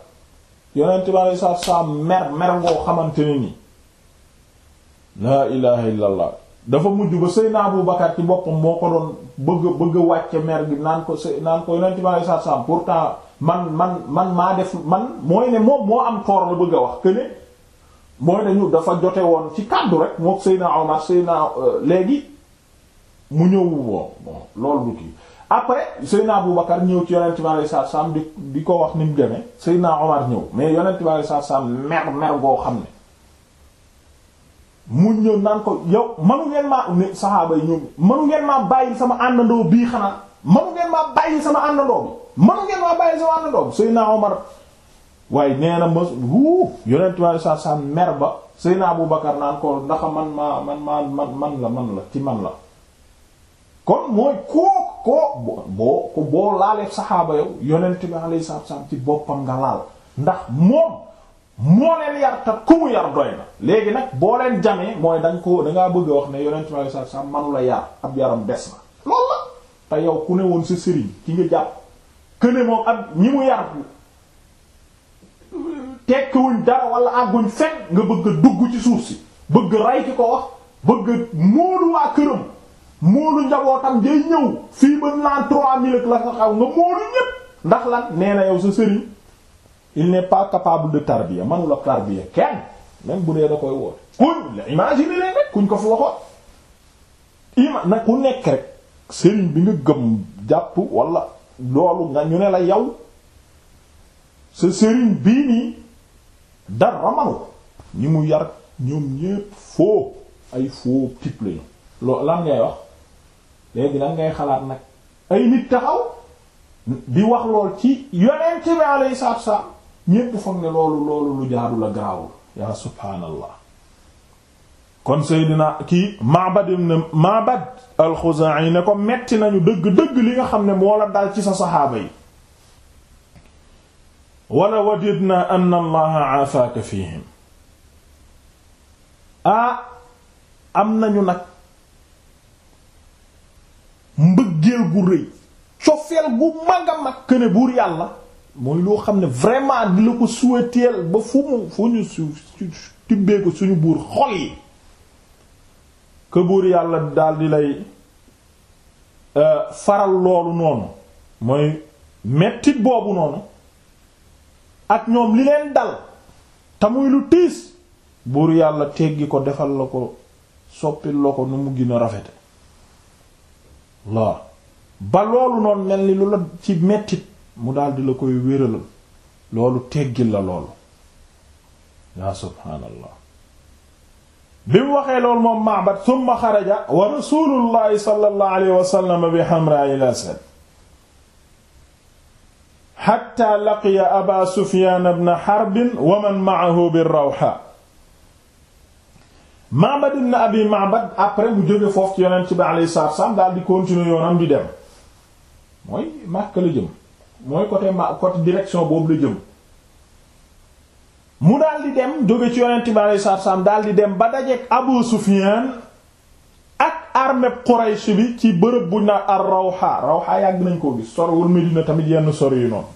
yonent bi alayhi salaatu wa salaam mer mer ngoo xamante ne nii laa ilaaha illallah dafa mujj ba Seydina Abu Bakar ci boppam moo ko doon bëgg bëgg wàcce mer gi naan ko së naan ko yonent bi sallallahu alayhi man man man maa def man mooy ne moom moo am toor la bëgg a wax que ne dafa jote woon ci kàddu rek mook Seydina Omar Seydina euh, léegi mu ñëw loolu du kii après Seydina Abu ñëw ci yonent bi sallallahu alayhi di di ko wax ni mu demee naa Omar ñëw mais yonent bi sallallahu alayhi wasallam mer mer goo xam ne. mu ñëw naan ko yow manu ngeen maa ne saxaaba yi ñoom manu ngeen maa bàyyi sama àndandoo bii xanaa manu ngeen maa bàyyi sama àndandoo bi manu ngeen maa bàyyi sama àndandoo bi Seydina Omar waaye nee na mos wuu yonent bi saa mer ba Seydina Abubakar naan ko ndax man maa man maa man man la man la ci man la. kon mooy koo koo boo boo laalee saxaaba yow yonent bi alayhi salaam ci boppam nga laal ndax moom. moo leen yar ta ku mu yar doy na léegi nag boo leen jamee mooy dañ ko dangaa bëgg a wax ne yonent bi sallallahu alayhi wasallam manula yar ab yaram des na loolu te yow ku ne woon sa sëriñ ki nga jàpp këne moom ab ñi mu yar tekkiwuñ daa wala àgguñ fekk nga bëgg dugg ci suuf si bëgg ray ki ko wax bëgg a móolu waa këram móolu njabootam day ñëw fii ba naan trois mille la fa xaw nga móolu ñépp ndax lan nee na yow sa sëriñ il n'est pas capable de tarbiya manula tarbiya kenn même bu dee da koy woote kuñ la imaginer leen rek kuñ ko fi waxoon ima na ku nekk rek sëriñ bi nga gëm jàpp wala loolu nga ñu ne la yow sa sëriñ bii nii dara manu ñi mu yar ñoom ñépp foo ay foo type lañu loolu lan ngay wax léegi lan ngay xalaat nag ay nit taxaw bi wax lool ci yonent bi alayhi salaatu wa salaam ñépp foog ne loolu loolu lu jaadu la gaawul yaa subhaanallah kon Seydina kii Ma'bad ibn Ma'bad al ne ko metti nañu dëgg-dëgg li nga xam ne moo la dal ci sa saxaaba yi wala wadidna anna allaha aafaaka fihim ah am nañu nag mbëggeel gu rëy cofeel gu mag a buur yàlla mooy loo xam ne vraiment di la ko souhaiteel ba fu mu fu ñu su tibbee ko suñu buur xol yi que buur yàlla daal di lay euh, faral loolu noonu mooy mettit boobu noonu ak ñoom li leen dal te lu tiis buur yàlla teggi ko defal la ko soppil la ko nu mu gën a rafete waaw ba loolu noonu mel ni lu la ci mettit mu daldi la koy wéralal loolu teggil la loolu yaa subhaanallah bi mu waxee loolu moom Ma'bad thumma xaraja wa rasulullahi sallallahu alayhi wa sallam bi Hamra ila Asad hatta laqiya Aba Sufyan ibn Harb wa man ma'ahu bir Rawha Ma'bad ibn Abi Ma'bad après mu jóge foofu ci yonent bi alayhi salaatu wa salaam daal di continuer yoonam di dem mooy Makka la jëm mooy côté ma côté direction boobu la jëm mu daal di dem jóge ci yonent bi aleyhi salaatu salaam dem ba dajeek Abu Sufyaan ak armée Quraysh bi ci bërëb bu na ar Rawha Rawha yàgg nañ koo gis sorwul Medina tamit yenn sori yu noonu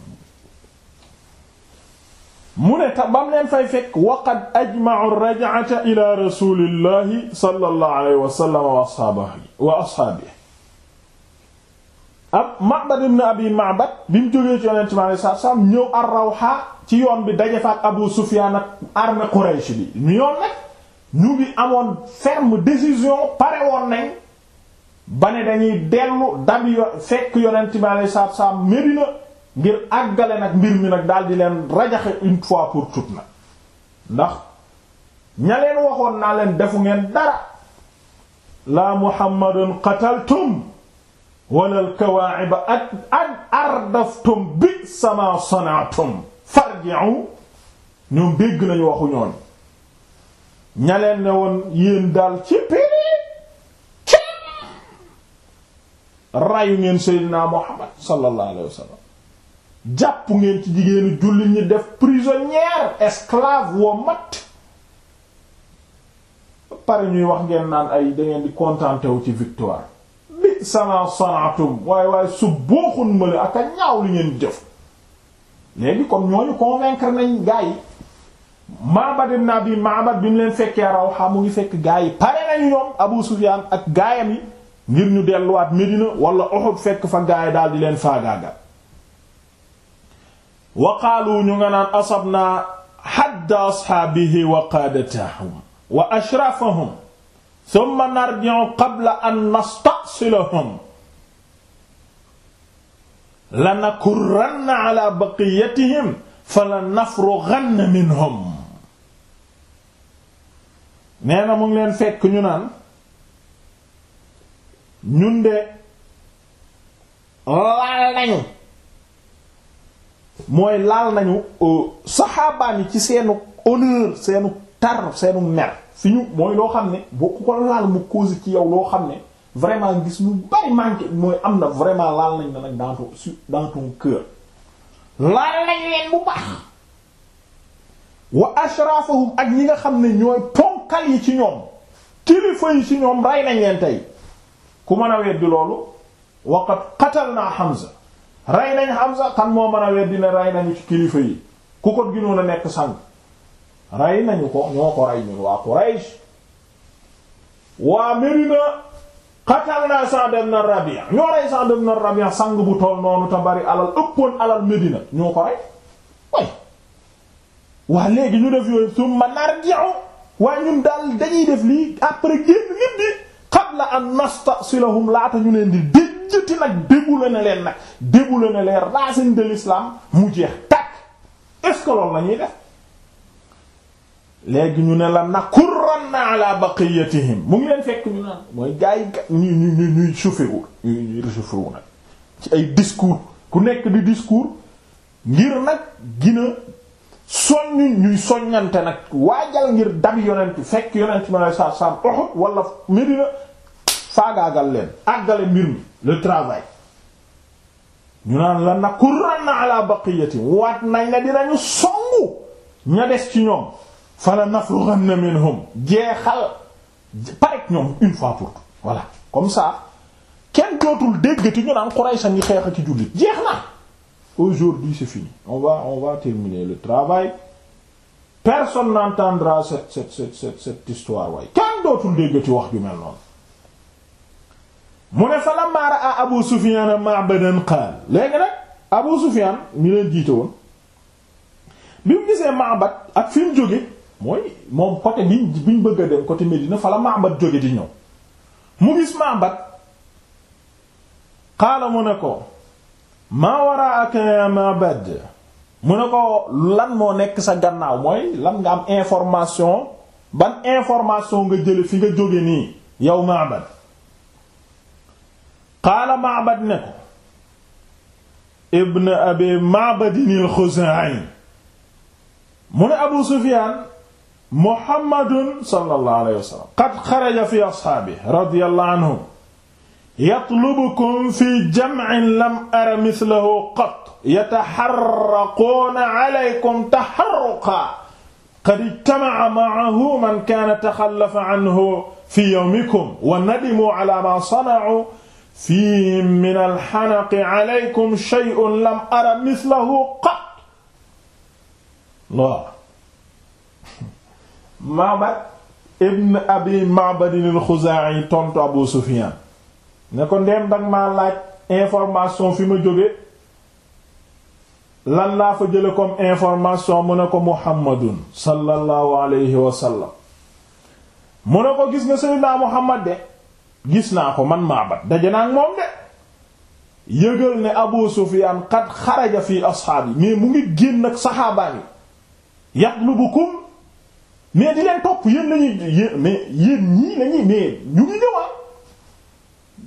mu ne ta bam leen fay fekk waqad ajma'u ar-raj'ata ila rasulillahi sallallahu alayhi wa sallam ab Ma'bad ibn Abi bi mu jógee ci yonent mi alayhi salaatu salaam ñëw ar-Rawha ci yoon bi daje fa ak Abu Sufyaan ak armée Quraysh bi ñu yoon nag ñu ngi amoon ferme décision pare woon nañ ba ne dañuy dellu dabi fekk yonent mi alayhi salaatu salaam Medina ngir àggale nag mbir mi nag daal di leen rajaxe une fois pour toutes nag ndax ña waxoon naa leen defu ngeen dara la Muhammadan qataltum walal kawaa'iba ak ak ardaftum bi sama sanaatum farji'u ñoom dégg nañu waxu ñoon ña leen ne woon yéen daal ci piri ci rayu ngeen seydinaa Muhammad sallallahu alayhi wa jàpp ngeen ci jigéenu jullit ñi def prisonnière esclave woo mat pare ñuy wax ngeen naan ay dangeen di contenté wu ci victoire bi sama sanaatum waaye waaye su booxun mëla ak a ñaaw li ngeen jëf léegi comme ñooñu convaincre nañ gaa yi Ma'bad ibn Abi bi ñu leen fekkee Rawha mu ngi fekk gaa yi pare nañu ñoom Abu Sufyaan ak gaayam yi ngir ñu delluwaat Medina wala Uhud fekk fa gaa daal di leen faagaagal wa qaalu ñu nga naan asabnaa hadda ashaabihi wa qaadataahum wa ashrafahum summa narji'u qabla an nasta'silahum lanakurranna ala baqiyatihim falanafrughanna minhum nee na mu ngi leen fekk ñu naan ñun de laal nañu mooy laal nañu euh, saxaabaan yi ci seenu honneur seenu tar seenu mer fi ñu mooy loo xam ne boo ku ko laal mu cause ci yow loo xam ne vraiment gis mu bari manqué mooy am na vraiment laal nañ la nag dans ton su dans ton cœur laal nañ leen bu baax wa ashrafahum ak ñi nga xam ne ñooy ponkal yi ci ñoom kilifa yi ci ñoom rey nañ leen tey ku mën a weddi loolu waqad qatalna Hamza rey nañ Hamza kan moo mën a weddi ne rey nañu ci kilifa yi ku ko gënoon a nekk sànq rey nañu ko ñoo ko rey ñun waa Quraysh waa Medina xatal naa Sa'd ibn Rabi'a Rabi'a sang bu tool noonu te bari alal ëppoon alal Medina ñoo ko rey way waa léegi ñu def yooyu summa narji'u waaye ñun daal dañuy def lii après génn nit ñi qabla an nastasilahum laata ñu leen di déjjati nag débula ne leen nag débula ne leen racine de l'islam mu jeex takk est-ce que def léegi ñu ne la nakurranna ala baqiyatihim mu ngi leen fekk mooy gars yi ñu ku nekk di discours ngir nag gina soññ ñuy soññante ngir dab yonent fekk yonent ma ne saa saa Uhud wala Medina faagaagal leen àggale mbir mi le travail. ñu naan la nakurranna ala baqiyatihim nañ la dinañu songu ña des ci ñoom. fala nafrughanna minhum jeexal parek ñoom une fois pour tout voilà comme ça kenn dootul déggati ñu naan Quraysh ñi xeex ak jullit jeex na aujourd'hui c'est fini on va on va terminer le travail personne n'entendra cette cette cette cette histoire waaye kenn dootul déggati wax ju mel noonu mu ne fa la maara a Abu Sufyan ma'badan qaal léegi nag Abu Sufyan ñu leen jiite woon bi mu gisee ma'bad ak fi mu jóge mooy moom côté biñ biñ bëgg a dem côté Médina fa la Ma'bad jóge di ñëw mu gis Ma'bad xaala mu ne ko maa waraaka ya Ma'bad mu ne ko lan moo nekk sa gannaaw mooy lan nga am information ban information nga jële fi nga jóge nii yow Ma'bad qaala Ma'bad ne ko ibn abi Ma'badin al-Khuzaa'i mu ne Abu Sufyaan muhammadun sallallahu alayhi wa sallam qad xaraja fi ashaabihi radiyallahu anhum yatlubukum fi jam'in lam ara mithlahu qat yataharraquuna alaykum taharruqan qad ijtama'a ma'ahu man kaana taxallafa anhu fi yawmikum wa nadimuu ala maa sana'uu fiihim min alxanaqi alaykum shay'un lam ara mithlahu qat Ma'bad ibn Abi Ma'bad al-Khuzaa'i tontu Abu Sufyaan ne ko ndeem dag maa laaj information fi ma jóge lan laa fa jële comme information mu ne ko Muhammadun sallallahu alayhi wa mu ne ko gis nga Seydina Muhammad de gis naa ko man Ma'bad daje naa ak moom de yëgal ne Abu Sufyaan qad xaraja fi asxaab yi mais mu ngi génn ak saxaabaan yi yaqlubukum mais di leen topp yéen lañuy mais yéen ñii lañuy mais ñu ngi ñëwaat ah.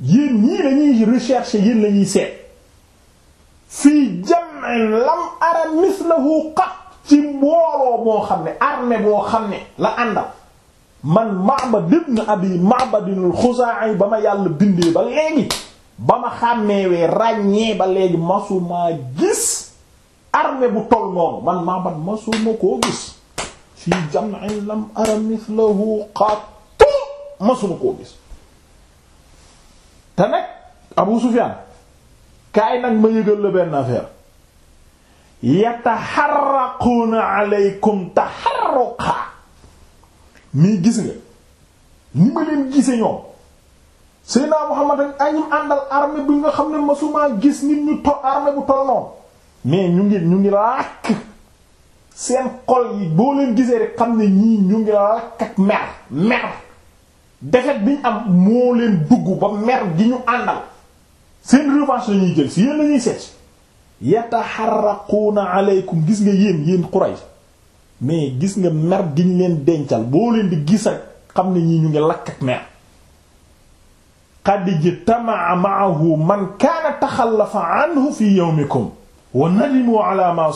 yéen ñii lañuy recherche yéen lañuy seet fii jam'in lam ara mislahu ci mbooloo moo xam ne arme boo xam ne la àndal man Ma'bad ibn Abi Ma'bad al-Khuzaa'i ba ma yàlla bindee ba léegi ba ma xàmmeewee ràññee ba léegi masumaa gis armée bu toll noonu man Ma'bad masuma koo gis fii jam'in lam ara mithlahu qattu masuma koo gis te nag Abu Sufyan kaay nag ma yëgal la benn affaire yataharraquuna alaykum taharruqa mii gis nga ni ma leen gise ñoom Seydina Muhammad ak añum àndal armée bi nga xam ne masumaa gis nit ñu to armée bu tol mais ñu ngi ñu ngi làkk seen xol yi boo leen gisee rek xam ne ñii ñu ngi lakk ak mer mer defet biñ am moo leen dugg ba mer gi ñu àndal seen revanche la jël si yéen la ñuy seet yataxarraquuna aleykum gis nga yéen yéen Quraysh mais gis nga mer gi ñu leen dencal boo leen di gis ak xam ne ñii ñu ngi lakk ak mer qad ijtama'a ma'ahu man kaana taxallafa anhu fi yawmikum wa nadimu ala ma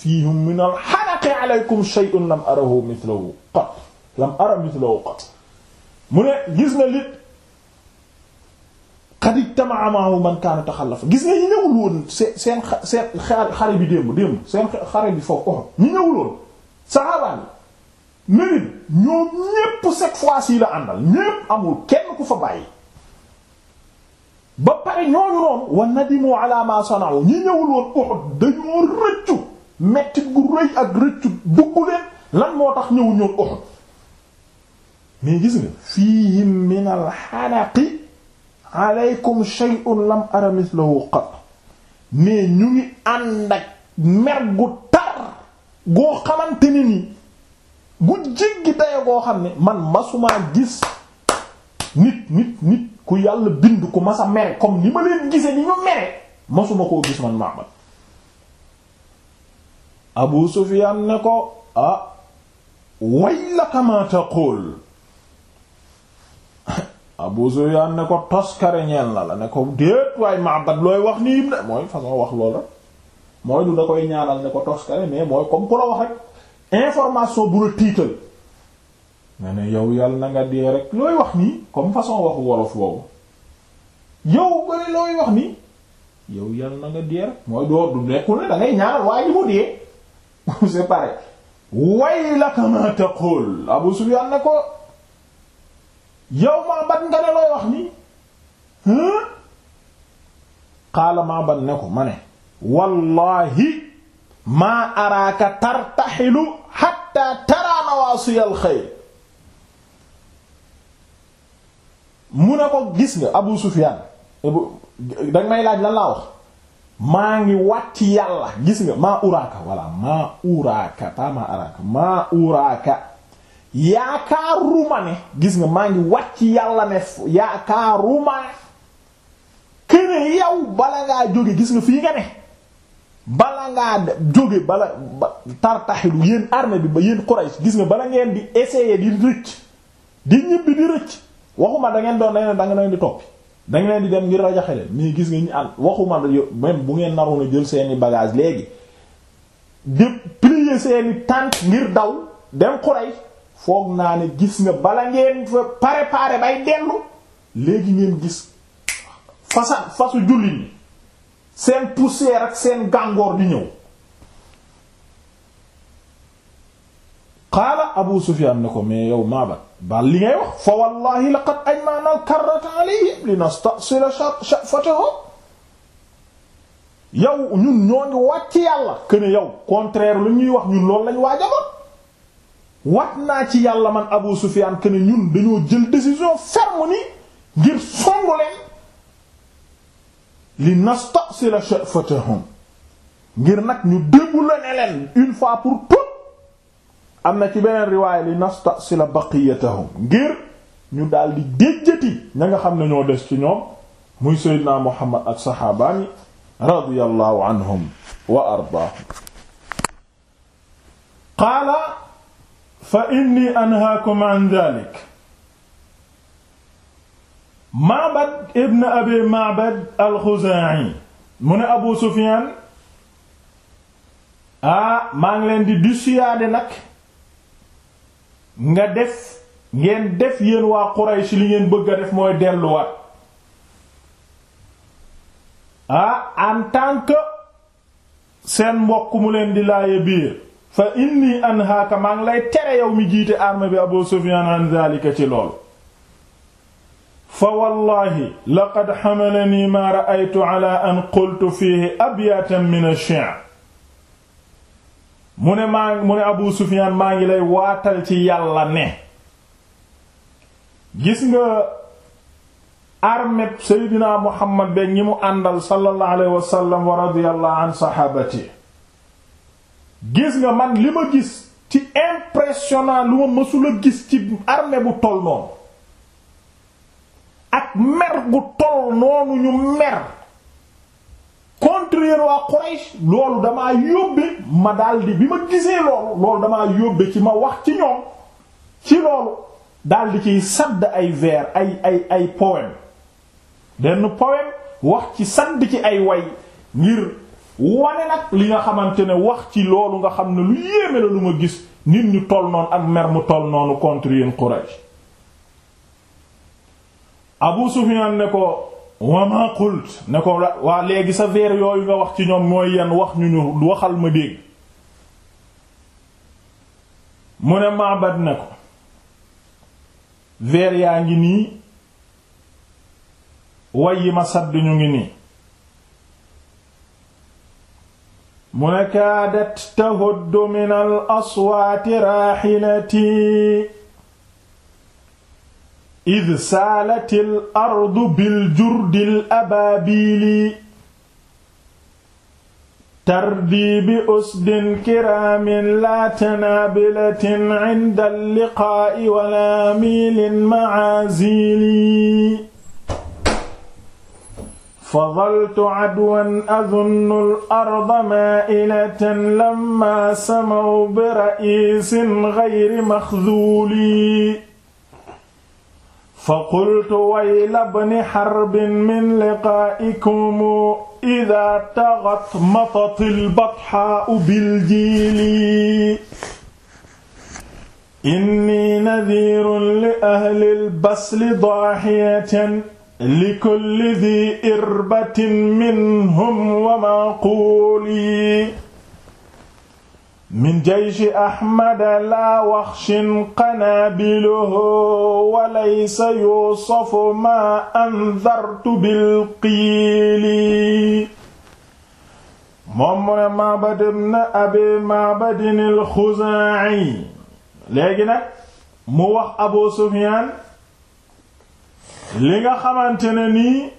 fiihim min alxaraqi aleykum shay'un lam arahu mithlahu qat lam ara mithlahu qat mu ne gis nga lit xad ijtama'a ma'ahu man kaana taxallafa gis nga ñi ñëwul woon seen seen seen xare bi démb démb seen xare bi foofu oxo ñi ñëwul woon saxaabaan mérine ñoom ñépp cette fois-ci la àndal ñépp amul kenn ku fa bàyyi ba pare ñooñu noonu wa nadimu ala ma sana'u ñi ñëwul woon Uhud dañoo rëccu mettit gu rëy ak rëccu dugg leen lan moo tax ñëw ñoom Uhud mais gis nga fiihim min alxanaqi aleykum shay'un lam ara mithlahu qat mais ñu ngi ànd ak mer gu tar goo xamante ni nii gu jéggi daya goo xam ne man masumaa gis nit nit nit ku yàlla bind ku masa mere comme ni ma leen gise ni ñu mere masuma koo gis man Muhammad abu sufiyaan ne ko ah way la kama taqul abu sufiyaan ne ko toskare ñeel na la ne ko déet waaye Ma'bad looy wax nii im ne mooy façon wax loola mooy du da koy ñaanal ne ko wax rek information du nekkul ne da ñaanal waaye ji mu dee c'est pareil waylaka ma Abu Sufyan ne ko yow maa ban nga ne looy wax nii qaala maa ban ne ko ma ne wallahi maa araaka tartaxilu xatta tara nawaasiyal xayr mu ne ko gis nga Abu Sufyan danga laaj lan laa wax maa ngi wàcc yàlla gis nga maa uraaka walla maa uraaka pas maa araaka maa uraaka yaakaaruma ne gis nga maa ngi wàcc yàlla ne yaakaaruma kene yow bala ngaa jóge gis nga fii nga ne bala ngaa jóge bala tartaxilu yéen armée bi ba yéen Quraysh gis nga bala ngeen di essayer di rëcc di ñibbi di rëcc waxuma da ngeen doon da di toppi da nga leen di dem ngir rajaxe leen gis nga ñu ànd waxuma même bu ngeen naroon a jël seeni bagage léegi di plier seeni tente ngir daw dem Quraysh foog naa ne gis nga bala ngeen fa préparer bay dellu léegi ngeen gis fasa fasu julli ni seen poussière ak seen gàngoor di ñëw xaala Abu Sufyan ne ko mais yow maabat baal li ngay wax fa wallahi laqad ajma'na al-karrata alayhim linastasila sha'fatahum yow ñun ñoo ngi wàcc yàlla que ne contraire lu ñuy wax ñun lool lañ waajaboon wat naa ci yàlla man Abu Sufyan que ne ñun dañoo jël décision ferme ni ngir songu leen linastasila sha'fatahum ngir nag ñu déglu ne leen une fois pour toutes am na ci beneen riwaaya li nastasila baqiyatahum ngir ñu daal di déjjati ña nga xam ne ñoo des ci ñoom muy seydina muhammad ak saxaabaani radiyallahu anhum wa ardaahum qaala fa inni anhaakum an daalik maabad ibn abi maabad alxuzaa'i mu ne abu sufiyaan aa ah, maa ngi leen di du siyaade nag nga def ngeen def yéen waa Quraysh li ngeen bëgg a def mooy delluwaat ah en tant seen mbokk mu leen di laaye biir fa inni anhaaka maa ngi lay tere yow mi jiite arme bi Abu Sufyan an zalika ci lool fa wallahi laqad hamalani ma ra'aytu ala an qultu fihi abyatan min ash-shi'r mu ne maa mu ne Abu Sufyan maa ngi lay waatal ci yàlla ne gis nga armée Seydina Muhammad be ñi mu àndal sallallahu alayhi wa sallam wa radiyallahu an sahabati gis nga man li ma gis ci impressionnant lu ma mësula gis ci armée bu toll noonu ak mer gu toll noonu ñu mer contraire waa Quraysh loolu damaa yóbbe ma daldi bi ma gisee loolu loolu damaa yóbbe ci ma wax ci ñoom ci loolu daldi ciy sadd ay vers ay ay ay poème benn poème wax ci sadd ci ay way ngir wane nag li nga xamante ne wax ci loolu nga xam ne lu yéeme la lu ma gis nit ñu toll noonu ak mer mu toll noonu contre yéen Abu Sufyan ne ko wa ma qult ne ko waa léegi sa veer yooyu nga wax ci ñoom mooy yan wax ñu ñu waxal ma dégg mu ne Ma'bad ne ko veer yaa ngi nii way yi ma sadd ñu ngi nii mu ne kaadat tahuddu min al aswaati raaxilati id saalatil ardu bil jurdil abaabili tardi bi usdin kiraamin laa tanaabilatin inda liqaa'i wala miilin macaazili fadaltu cadwan adunnu al-arda maa'ilatan lammaa samaw bi ra'iisin gayri maxduuli fa qultu wayla bni xarbin min liqaa'ikum idaa tagat matatil batxaa'u biljiili inni nadiirun li ahlil basli daaxiyatan likulli dii irbatin minhum wa maaquuli min jayshi ahmada laa waxshin qanaabiluhu walaysa yuusafu maa andartu bilqiili moom mu ne Ma'bad ibn Abi Ma'bad al-Xuzaa'i léegi nag mu wax Abu Sufyaan li nga xamante ne nii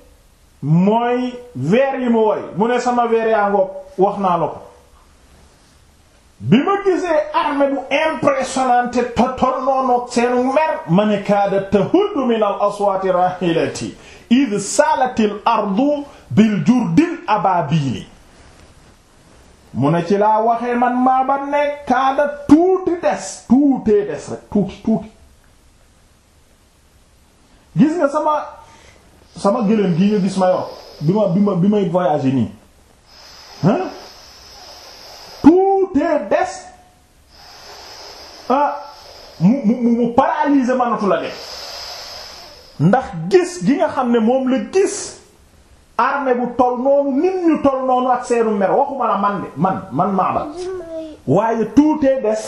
mooy veer yi mu woy mu ne sama veer yaa ngoog wax naa la ko bi ma gisee armée bu impressionnante totol noonoog seen mer ma ne kaada tahuddu min al aswaati rahilati id salatil ardu bil jurdil ababili mu ne ci laa waxee man maa ba nekk kaada tuuti des tuutee des rek tuuti tuuti gis nga sama sama gëléem gi nga gis ma bi ma bi ma bi may voyager nii hein tuutee des ah mu mu mu paralysé manatu la dem ndax gis gi nga xam ne moom la gis armée bu toll noonu nit ñu toll noonu ak seenu mer waxuma la man de man man waaye tuutee des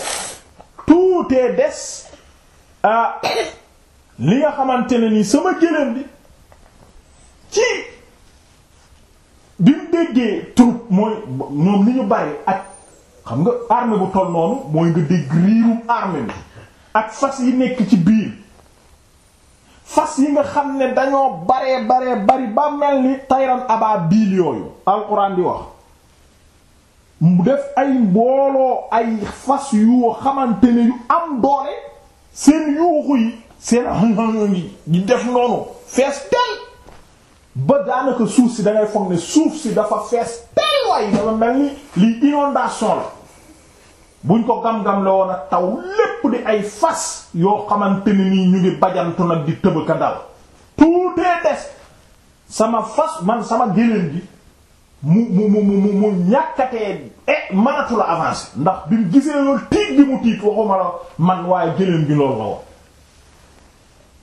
tuutee des ah, li nga xamante ne ni sama gëléem bi ci bi mu déggee troupe mooy ñoom ni ñu bari ak xam nga armée bu toll noonu mooy nga dégg riirum armée bi ak fas yi nekk ci biir fas yi nga xam ne dañoo baree baree bari ba mel ni tayran abaa biil yooyu alxuraan di wax mu def ay mbooloo ay fas yu xamante ne yu am doole seen yuuxu yi seen ngi di def noonu fees del ba daanaka suuf si da ngay ne suuf si dafa fees teewaay dafa mel ni lii inondation la buñ ko gam-gam la woon a taw lépp di ay fas yoo xamante ne ñu ngi bajantu nag di tëbaka dal tuutee des sama fas man sama géléen gi mu mu mu mu ñàkkatee e mënatu la avancer ndax bi mu gisee loolu tiit bi mu tiit waxuma la man waaye géléen gi loolu la woon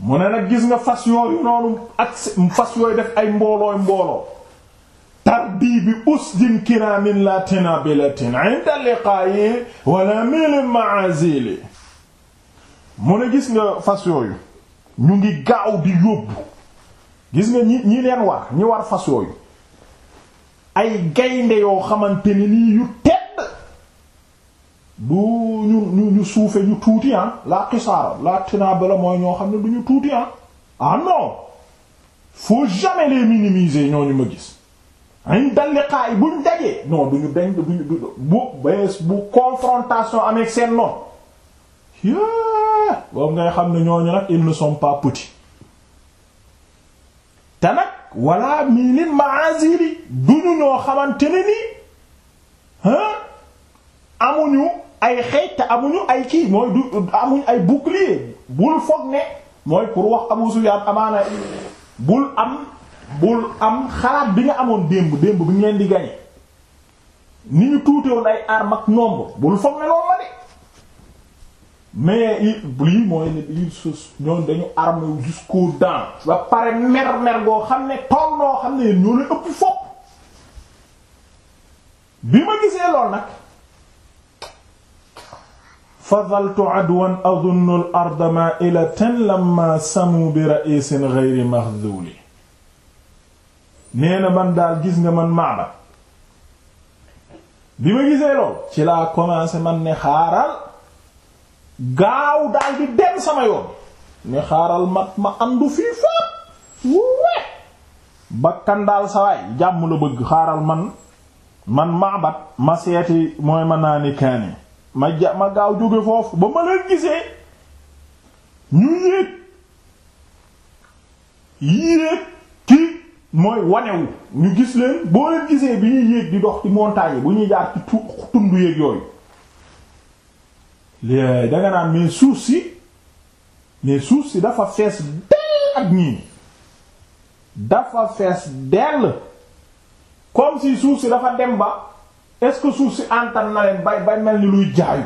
mu ne nag gis nga fas yooyu noonu ak fas yooyu def ay mboolooy mbooloo tardi bi usdin kiraamin la tinabilatin inda liqaayi wala mil maazili mu ne gis nga fas yooyu ñu ngi gaaw di yóbbu gis nga ñi ñi leen war ñi war fas yooyu ay gaynde yoo xamante ni nii yu te du ñu ñu ñu ñu tuuti ah la xisaara la tinabala mooy ñoo xam ne du ñu tuuti ah ah non faut jamais les minimiser ñooñu ma gis añ dalliqaa yi duñu deñ duñu bu bes bu confrontation avec seen noon é boobu ngay xam ne ñooñu nag ils ne sont ñoo xamante ne ni amuñu ay xeej te amuñu ay kii mooy du amuñu ay bouclier bul foog ne mooy pour wax Abu Sufyaan amaana bul am bul am xalaat bi nga amoon démb démb bi ñu leen di gañe ni ñu tuutewoon ay armes ak nombre bul foog ne loolu la de mais lii mooy ne il sus ñoon dañu armé wu jusqu'aux dents ba pare mer mer goo xam ne tool noo xam ne yéen ñoo leen ëpp fopp bi ma gisee lool nag fadaltu adwan adunnu al arda maa'ilatan lamma samu bi ra'isin ghayri maxduli nee na man daal gis nga man Ma'bad bi ma gisee lool ci laa commencé man ne xaaral gaaw daal di dem sama yoon ne xaaral mat ma andu fii faat wuwe bakkan daal sawaay jàmm la bëgg xaaral man man Ma'bad ma seeti mooy ma naani kaani ma ja ma gaaw jóge foofu ba ma leen gisee ñu yéeg yéeg ki mooy wanewu ñu gis leen boo leen gisee bi ñuy yéeg di dox ci montagne yi bu ñuy jaar ci tund yéeg yooyu léegi danga naan mais suuf si mais suuf si dafa fees dell ak ñii dafa fees dell comme si suuf si dafa dem ba est-ce que suuf si antan na leen bay bay mel ni luy jaayu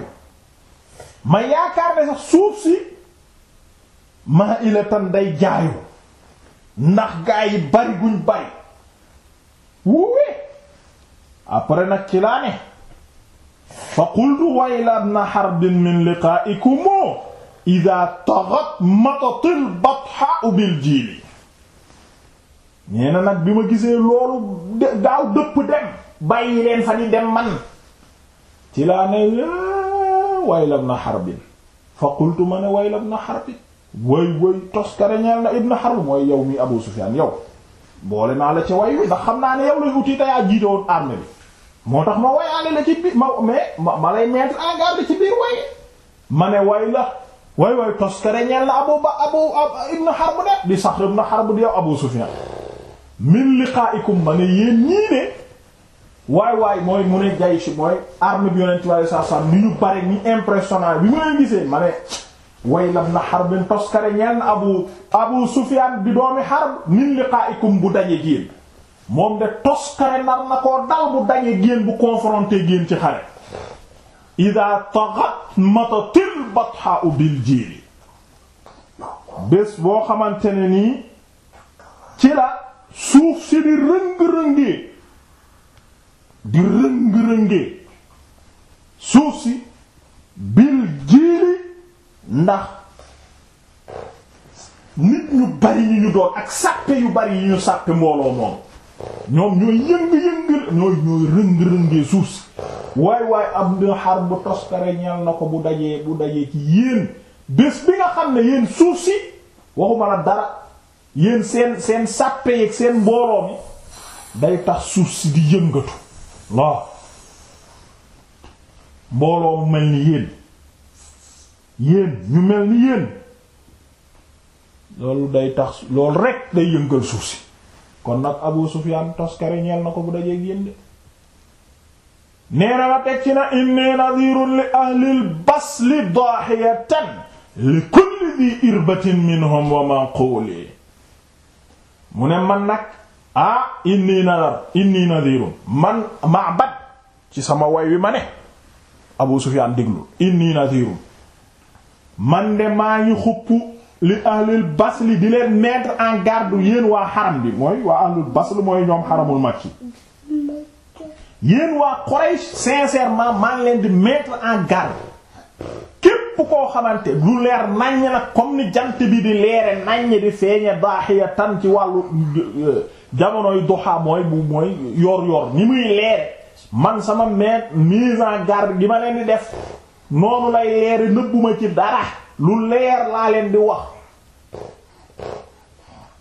ma yaakaar ne sax suuf si maa ila tan day jaayu ndax gaa yi bari guñ après nag ci laa ne fa qultu wayla ibna harbin min liqaa'ikum idha taghat matatil batha bil jiili nee na nag bi ma gisee loolu daaw dëpp dem bàyyi fa di dem man ci laa ne wayla ibn Harbin fa qultu ma ne wayla ibn Harbin way way toskare ñeel na ibn Harb mooy yow mi Abu Sufyan yow boole naa la ca way wi ndax xam naa ne yow lay uti te yaa jiite woon armée bi moo tax ma wayaale la ci biir ma ci biir way ma ne way la way way toskare ñeel na abu ba abu ibn Harb Abu Sufyan min liqa'ikum ma ne yéen ñii ne waay waay mooy mu ne jay si mooy arme bi yonent saa saa ni ñu bare ni impressionnant bi ma gisee ma ne way na Harbin toskare ñenn abu abu Sufyaan di doomi Harb min liqaa'ikum bu daje génn moom de toskare nar na koo dal bu daje géen bu confronté génn ci xare ida taghat matatil bathaa bil jiiri bés boo xamante ne nii ci la suuf si di rëng-rëngee di rëng-rëngee suuf si bil jiili ndax nit ñu bari ñu doon ak sàppe yu bari yi ñu sàppe mbooloo moom ñoom ñooy yëng-yëng ñooy ñooy rëng-rëngee suuf si waay waay am na xar bu toskare ñeel na ko bu dajee bu dajee ci yéen bés bi nga xam ne yéen suuf si waxuma la dara yéen seen seen sàppe yeeg seen mbooloo mi day tax suuf si di yëngatu la mbooloo mel ni yéen yéen ñu mel ni yéen loolu day tax lool rek day yëngal suuf si kon nag Abu Sufyaan toskare ñeel na ko bu dajeeg yéen de neena la teg ci na inni nadirun li ahlil basli daahiyatan li kulli di irbatin minhum wa ma qawli mu ne man nag ah inni nadar inni nadirun man Ma'bad ci sama woy wi ma ne Abu Sufyaan déglu inni nadirun man de maa ngi xuppu li ahlul basli di leen mettre en garde yéen waa xaram bi mooy waa ahlul basli mooy ñoom xaramul makki yéen waa Quraysh sincèrement maa ngi leen di mettre en garde képp koo xamante lu leer naññ nag comme ni jant bi di leere naññ di feeñe daaxiya tan ci wàllu euh, jamonoy doxaa mooy bu mooy yor yor ni muy leere man sama mettre mise en garde gi ma leen di def noonu lay leere nëbbuma ci dara lu leer laa leen di wax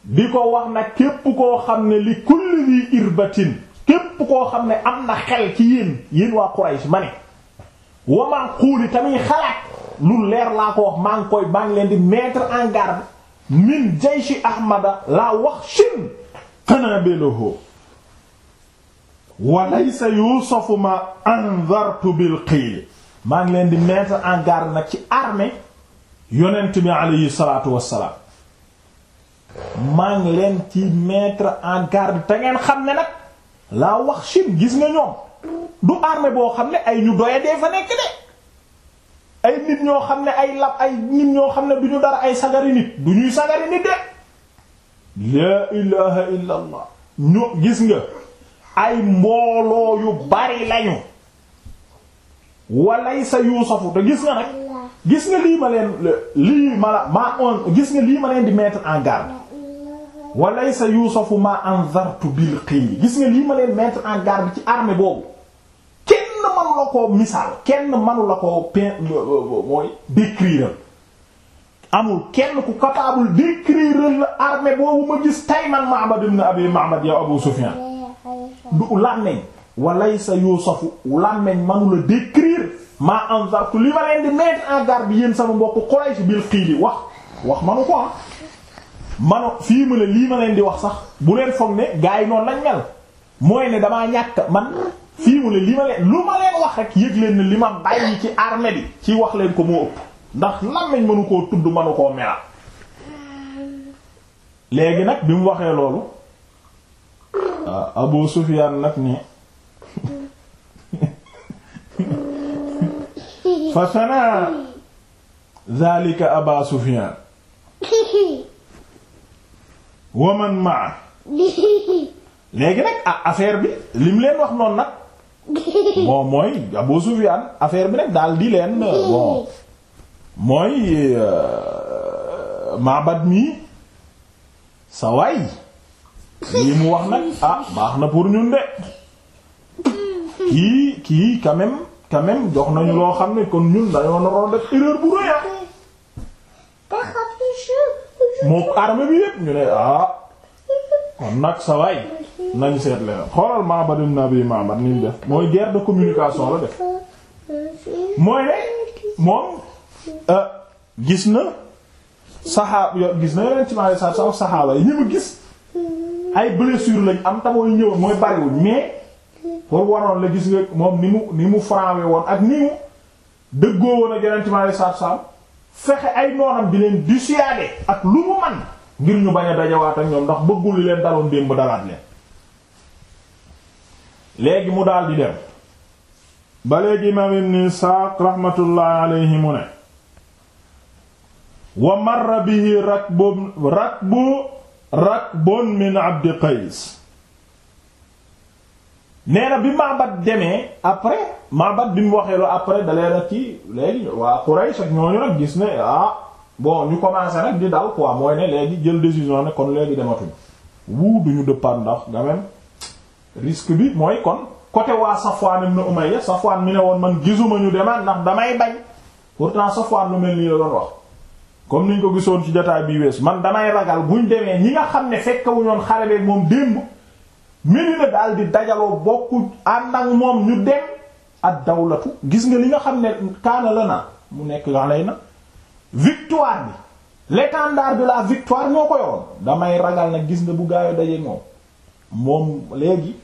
di ko wax na képp koo xam ne li kulli li irbatin képp koo xam ne am na xel ci yéen yéen waa Quraysh ma ne waman xuuli tamit xalaat lu leer laa ko wax maa ngi koy maa leen di mettre en garde min jayshi ahmada la wax shin qanaabiluhu wa laysa yuusafu ma anzartu bil qiil maa ngi leen di mettre en garde nag ci armée yonent bi alayhi wassalaam maa ngi leen ci mettre en garde te ngeen xam ne nag laa wax Chine gis nga ñoom du armée boo xam ne ay ñu doye dee fa nekk de ay nit ñoo xam ne ay lab ay nit ñoo xam ne du ñu dara ay sagari nit du ñuy sagari nit de laa ilaha illa allah gis nga ay mbooloo yu bari lañu walaysa yuusafu te gis nga nag gis nga lii ma leen lii ma la maa on gis nga lii ma leen di mettre en garde walaysa yuusafu ma anzartu bil qiil gis nga lii ma leen mettre en garde ci armée boobu kenn manu la koo misaal kenn manu la koo pen mooy décrire amul kenn ku capable décrire la armée boobu ma gis tay man Ma'bad ibn Abi Ma'bad yow Abu Sufyan du làmmeñ walay sa yuusafu làmmeñ manula décrire maa anzartu li ma leen di mettre en garde bi yéen sama mbokk Quraysh bil xiili wax wax manu ko ah manu fii mu lii ma leen di wax sax bu leen foog ne gars yi noonu lañ mel mooy ne damaa ñàkk man fii mu ne li ma leen lu ma leen wax rek yëg leen li ma bàyyi ci armée bi ci wax leen ko moo ëpp ndax làmmiñ mënu koo tudd mënu koo melal léegi nag bi mu waxee loolu Abu Sufyaan nag ni fa sanaa zaalika Aba Sufyaan wa man léegi nag ah affaire bi lim leen wax noonu nag bon mooy Abu Sufyaan affaire bi nag daal di leen bon mooy euh, maabad mii sa waay lii mu wax nag ah baax na pour ñun de kii kii quand même quand même jox nañu loo xam ne kon ñun dañoo naroon def erreur bu rëy ah. moo armée bi yépp ñu ne ah kon nag sa waay nañ seet leen xoolal Ma'bad ibn Abi Ma'bad ni ñu def mooy guerre communication la def mooy ne moom Euh, gis na saxaab yo gis na yeneen ci ma sa sa saxaaba yi ñi mu gis ay blessure lañ am tamooy ñëw mooy bariwuñ mais pour waroon la gis nga moom ni mu ni mu franwe woon ak ni mu dëggoo woon ak yeneen ci ma sa sa fexe ay noonam di leen dissuader ak lu mu man ngir ñu bañ a dajawaat ak ñoom ndax bëggul li leen daloon démb dalaat leen léegi mu daal di dem ba léegi imaam ibn Isaaq rahmatullahi alayhi mu ne wa marra bihi rakbu rakbu rakbun min abdi qays nee na bi Ma'bad demee après Ma'bad bi mu waxee loo après dalee nag ci léegi waa Quraysh ak ñooñu nag gis ne ah bon ñu commencé nag di dal quoi mooy ne léegi jël décision ne kon léegi dematuñ wuu duñu dëppaat ndax quand même risque bi mooy kon côté waa Safwan ibn Umayya Safwan mi ne woon man gisuma ñu demaat ndax damay bañ pourtant Safwan lu mel nii la doon wax comme niñ ko gisoon ci jotaay bi wees man damay ragal bu ñu demee ñi nga xam ne fekkewuñu woon xare beeg moom démb mini na daal di dajaloo bokku ànd ak moom ñu dem ak dawlatu gis nga li nga xam ne kaana la na mu nekk lay na victoire bi l'étendard bi la victoire ñoo ko yoon damay ragal gis nga bu gaayoo daje moom moom léegi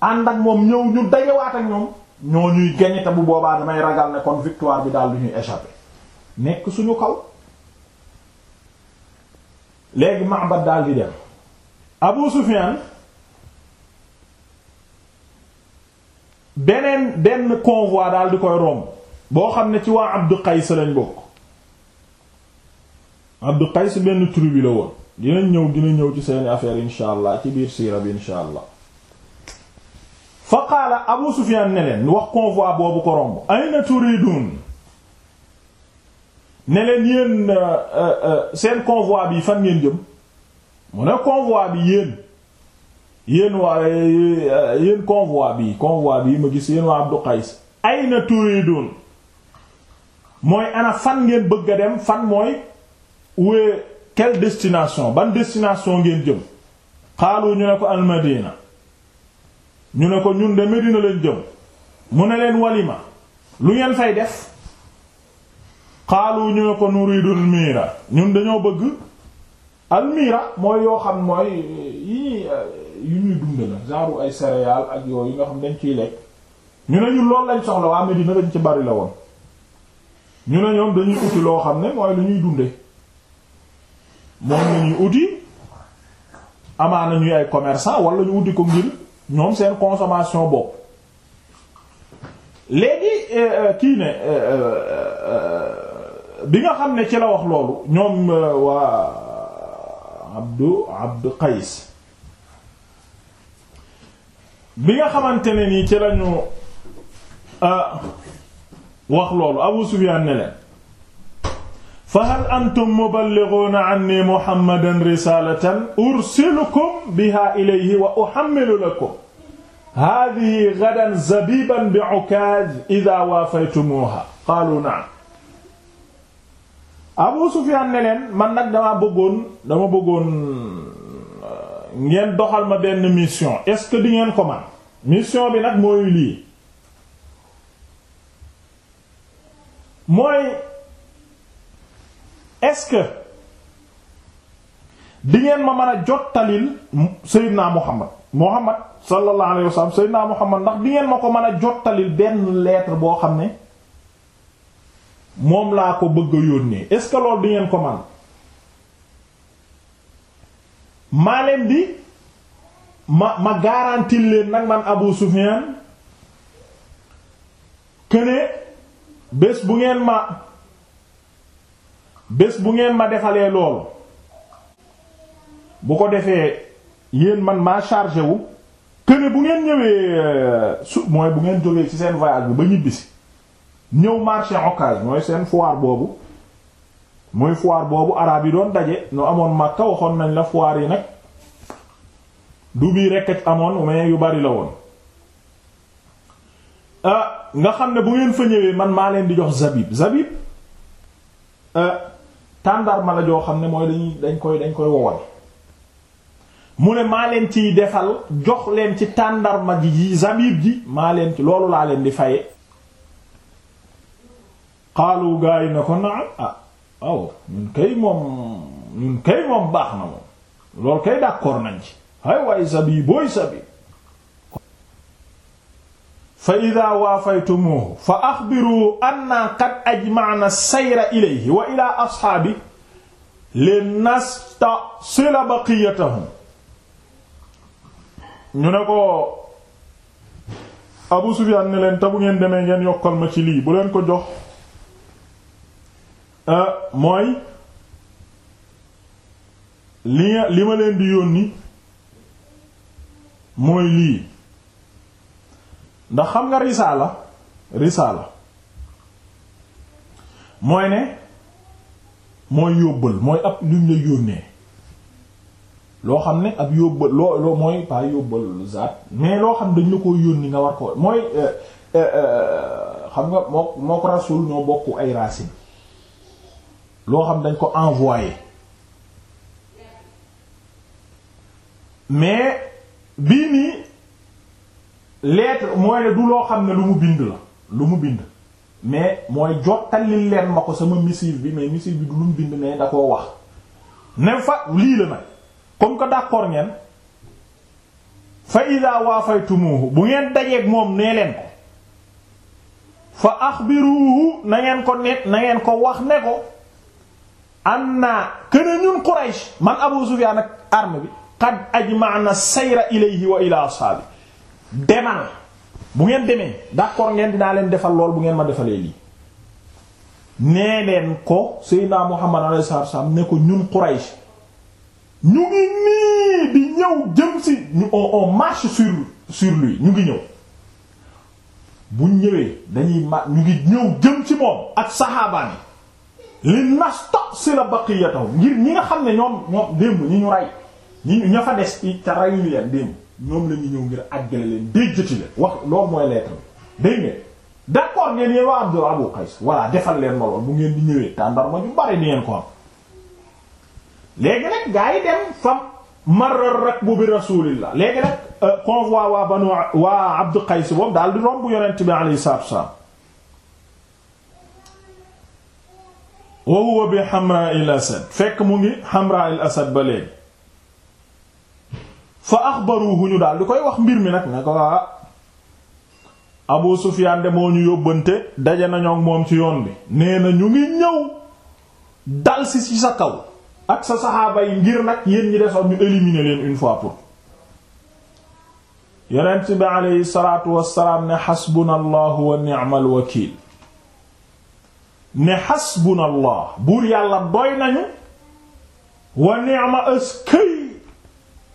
ànd ak moom ñëw ñu dajewaat ak ñoom ñoo ñuy gañe bu boobaa damay ragal ne kon victoire bi daal du ñuy échapper nekk suñu kaw léegi Ma'bad daal di dem Abu Sufyan beneen benn convoi daal di koy romb boo xam ne ci waa Abdu Qays lañ bokk Abdu Qays benn tribu la woon dinañ ñëw dina ñëw ci seeni affaire insha allah ci biir siira bi insha allah fa qaala Abu Sufyan ne leen wax convoi boobu ko romb ayna turidun ne leen euh, euh, euh, seen convoi bi fan ngeen jëm mu ne convoi bi yéen yéen waa yéen convoi bi convoi bi ma gis yéen waa Abdou Qays ay na turidun mooy ana fan ngeen bëgg a dem fan mooy wee quelle destination ban destination ngeen jëm xaalu ñu ne ko almadina ñu ne ko ñun de Medina leen jëm mu ne leen walima lu ngeen fay def xaalu ñu ne ko nuridul miira ñun dañoo bëgg almiira mooy yoo xam mooy yi yu ñuy dund la genre ay céréales ak yooyu nga xam dañ ciy lekk ñu ne ñun loolu lañ soxla waa Medina dañ ci bari la woon ñu ne ñoom dañuy uti loo xam ne mooy lu ñuy dunde moom la ñuy uti amaana ñuy ay commerçant wala ñu uti ko ngir ñoom seen consommation bopp léegi euh, euh, kii ne. Euh, bi nga xam ne ci la wax loolu ñoom euh, waa Abdu Abdu Qays bi nga xamante ne nii ci lañu euh, wax loolu Abu Sufyaan ne leen fa hal antum muballighuuna anni Muhammadan risaalatan ursilukum bihaa ilayhi wa uhammilu lakum haadhihi ghadan zabiban bi'ukaaz idhaa waafaytumuuhaa qaaluu na'am Abu Sufyaan ne leen man nag damaa bëggoon dama bëggoon euh, ngeen doxal ma benn mission est-ce que di ngeen ko man mission bi nag mooy lii mooy est-ce di ngeen ma mën a jottalil Seydina Muhammad Muhammad sallallahu alayhi wa sallam Seydina Muhammad ndax di ngeen ma ko mën a jottalil benn lettre boo xam ne moom laa ko bëgg a nii est-ce bi ngeen ko man maa leen di ma ma garantie leen nag man Abu Sufyan këne bés bu ngeen ma bés bu ngeen ma defalee loolu bu ko defee yéen man maa chargé wu këne bu ngeen ñëwee euh, su mooy bu ngeen jógee ci seen voyage bi ba ñibbisi ñëw marché occas mooy seen foire boobu mooy foire boobu araab yi doon daje ñu amoon Makka waxoon nañ la foire yi nag du bii rekk amoon mais yu bari la woon ah, nga xam ne bu ngeen fa ñëwee man maa leen di jox zabib zabib ah, tàndarma la joo xam ne mooy dañuy dañ koy dañ koy wowal mu ne maa leen ciy defal jox leen ci tàndarma ji zabib ji maa leen ci loolu laa leen di faye xaalu gaa yi ne ko naam ah aw ñun kay moom ñun kay moom baax na moom loolu kay d'accord nañ ci ay waay sabi booy sabi fa ida waafaytumuhu fa axbiru anna qad ajma'na sayra ilayhi wa ila asxaabi linastasila baqiyatahum ñu ne ko Abu Sufyaan ne leen te bu ngeen demee ngeen yokkal ma ci lii bu leen ko jox Euh, mooy li li ma leen di yónni mooy lii ndax xam nga risaala risaala mooy ne mooy yóbbal mooy ab luñ la yónnee loo xam ne ab yóbbal loo loo mooy pas yóbbal zaat mais loo xam dañ la ko yónni nga war ko mooy euh, euh, xam nga moo moo ko rasul ñoo bokk ay racines loo xam dañ ko envoyé mais bii nii lettre mooy ne du loo xam ne lu mu bind la lu mu bind mais mooy jottali leen ma ko sama missive bi mais missive bi du lu mu bind mais da koo wax ne fa lii la nag comme que d'accord ngeen fa ida waafaytumuhu bu ngeen dajeeg moom nee leen ko fa axbiruhu na ngeen ko net na ngeen ko wax ne ko anna këne ñun Quraysh man Abu Sufyaan ak arme bi qad ajma'na sayra ilayhi wa ila ashaabi demal bu ngeen demee d'accord ngeen dinaa leen defal lool bu ngeen ma defalee lii nee leen ko Seydina Muhammad alayhi salaatu wa ne ko ñun Quraysh ñu ngi nii di ñëw jëm si ñu on on marche sur sur ñu ngi ñëw bu ñëwee dañuy ma ñu ngi ñëw jëm ci moom ak saxaabaan li nasta'sila baqiyatahu ngir ñi nga xam ne ñoom ñoom démb ñi ñu rey ñi ña fa des ci te reyuñu leen démb ñoom la ñu ñëw ngir àggale leen déjjati leen wax loolu mooy lettre bi dégg ngeen d'accord ngeen yéen waa Abdul Abu Qays voilà defal leen ma lool bu ngeen di ñëwee tàndar ma ñu bari ni ngeen ko am léegi nag gaa yi dem fam marra rakbu bi rasulillah léegi nag euh, convoi waa banu waa Abdul Qays boobu daal di romb yonent bi alayhi salaatu wasallam wa huwa bi Hamra il fekk mu ngi Hamra il ba léegi fa axbaruhu ñu daal di koy wax mbir mi nag ne ko ah Abu Sufyaan de ñu yóbbante daje nañoo moom ci yoon bi nee na ñu ngi ñëw dal si ci sa kaw ak sa saxaaba yi ngir nag yéen ñi desoon ñu éliminer leen une pour yonent bi aleyhi salaatu wassalaam ne xasbuna allahu wa ni'mal wakiil ne xasbunallah buur yàlla doy nañu wa ni'ma askay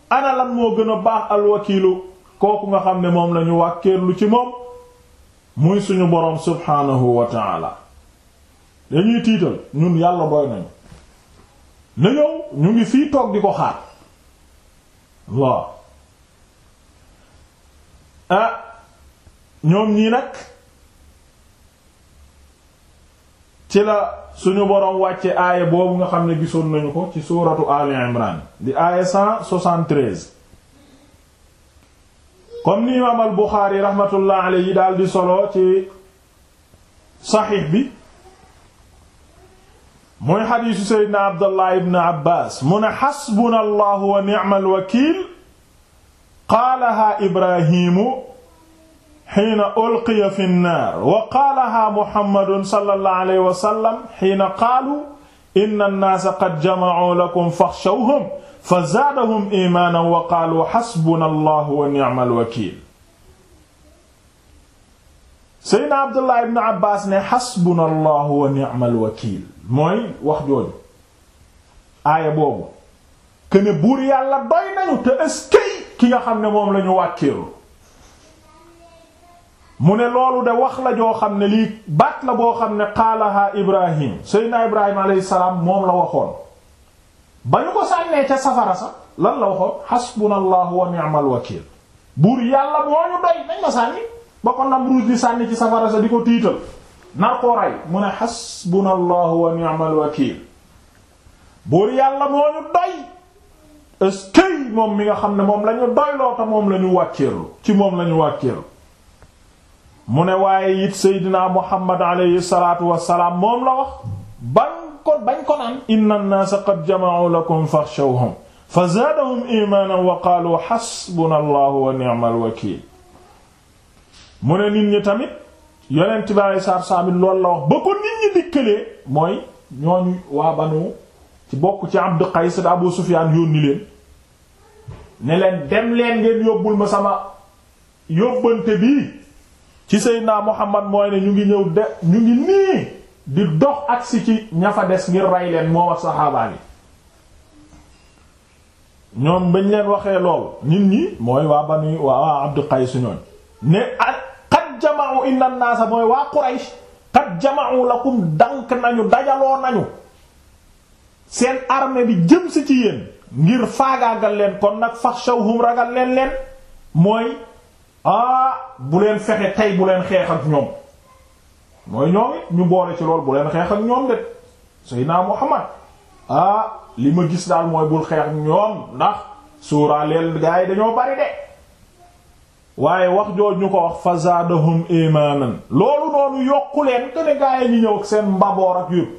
ana lan moo gën a baax alwakiilu kooku nga xam ne moom lañu lu ci moom muy suñu boroom subhaanahu wa ta'ala dañuy tiital ñun yàlla doy nañu na ñu ngi fii toog di ko xaar waaw ah ñoom ñii nag ci la suñu boroom wàcce aaya boobu nga xam ne gisoon nañu ko ci suuratu Ali Imran di aaya 173 comme ni imaam al Buxaari rahmatullah alayhi daal di solo ci saxiix bi mooy xadiisu seydna Abdallah ibn Abbaas mu ne xasbuna allahu wa ni'mal wakiil qaalaha Ibrahimu xiina ulqiya fi nnaar wa qaalahaa muhammadun sallallahu alayhi wa sallam xiina qaalu inna nnaasa qad jamacuu lakum faxshawhum fa zaadahum iimaanan wa qaaluu xasbuna allahu wa nicmal wakiil. Seydina Abdullah ibn Abbas ne xasbuna allahu wa nicmal wakiil mooy wax jooju aaya boobu. que ne buur yàlla doy nañu te eskay ki nga xam ne moom lañu wàkkeelu mu ne loolu de wax la joo xam ne lii baat la boo xam ne qaalaha ibrahim seydna ibrahim alayhi salaam moom la waxoon ba ñu ko sànnee ca safara sax lan la waxoon xasbuna allahu wa yàlla moo ñu doy sànni ci safara sax ko tiital nar koo rey mu ne xasbuna allahu wa buur yàlla moo ñu doy eskey moom mi nga xam ne moom la ñu moom la ñu wàkkeerlu ci moom la ñu mu ne waaye it seydinaa muhammad alayhi salaatu moom la wax ban ko bañ ko naan inna an-naasa qad jama'u lakum fakhshawhum fa zaadahum iimaanan wa qaalu hasbuna allahu wa ni'mal mu ne nit ñi tamit yonent bi alayhi salaatu wassalaam la wax ba ko nit ñi dikkalee mooy ñooñu waa banu ci bokk ci Abdu Qays Abu Sufyaan yónni leen ne dem leen ngeen yóbbul ma sama yóbbante bii ci Seydina Muhammad mooy ne ñu ngi ñëw de ñu ngi nii di dox agsi ci ña fa des ngir rey leen moo wax saxaabaa yi ñoom bañ leen waxee lool nit ñi mooy waa banu waa waa Abdu Qays ñooñ ne qad jama'u inna an mooy waa Quraysh qad jama'u lakum dank nañu dajaloo nañu seen armée bi jëm si ci yéen ngir faagaagal leen kon nag faxshawhum ragal leen leen mooy ah bu leen fexe tey bu leen xeex ak ñoom mooy ñoom it ñu boole ci lool bu leen xeex ak ñoom de Seydina Muhammad ah li ma gis daal mooy bul xeex ak ñoom ndax suuraaleel gaa yi dañoo bari de waaye wax jooj ñu ko wax fazadahum imanan loolu noonu yokku leen te ne gaa yi ñu ñëw ak seen mbaboor ak yëpp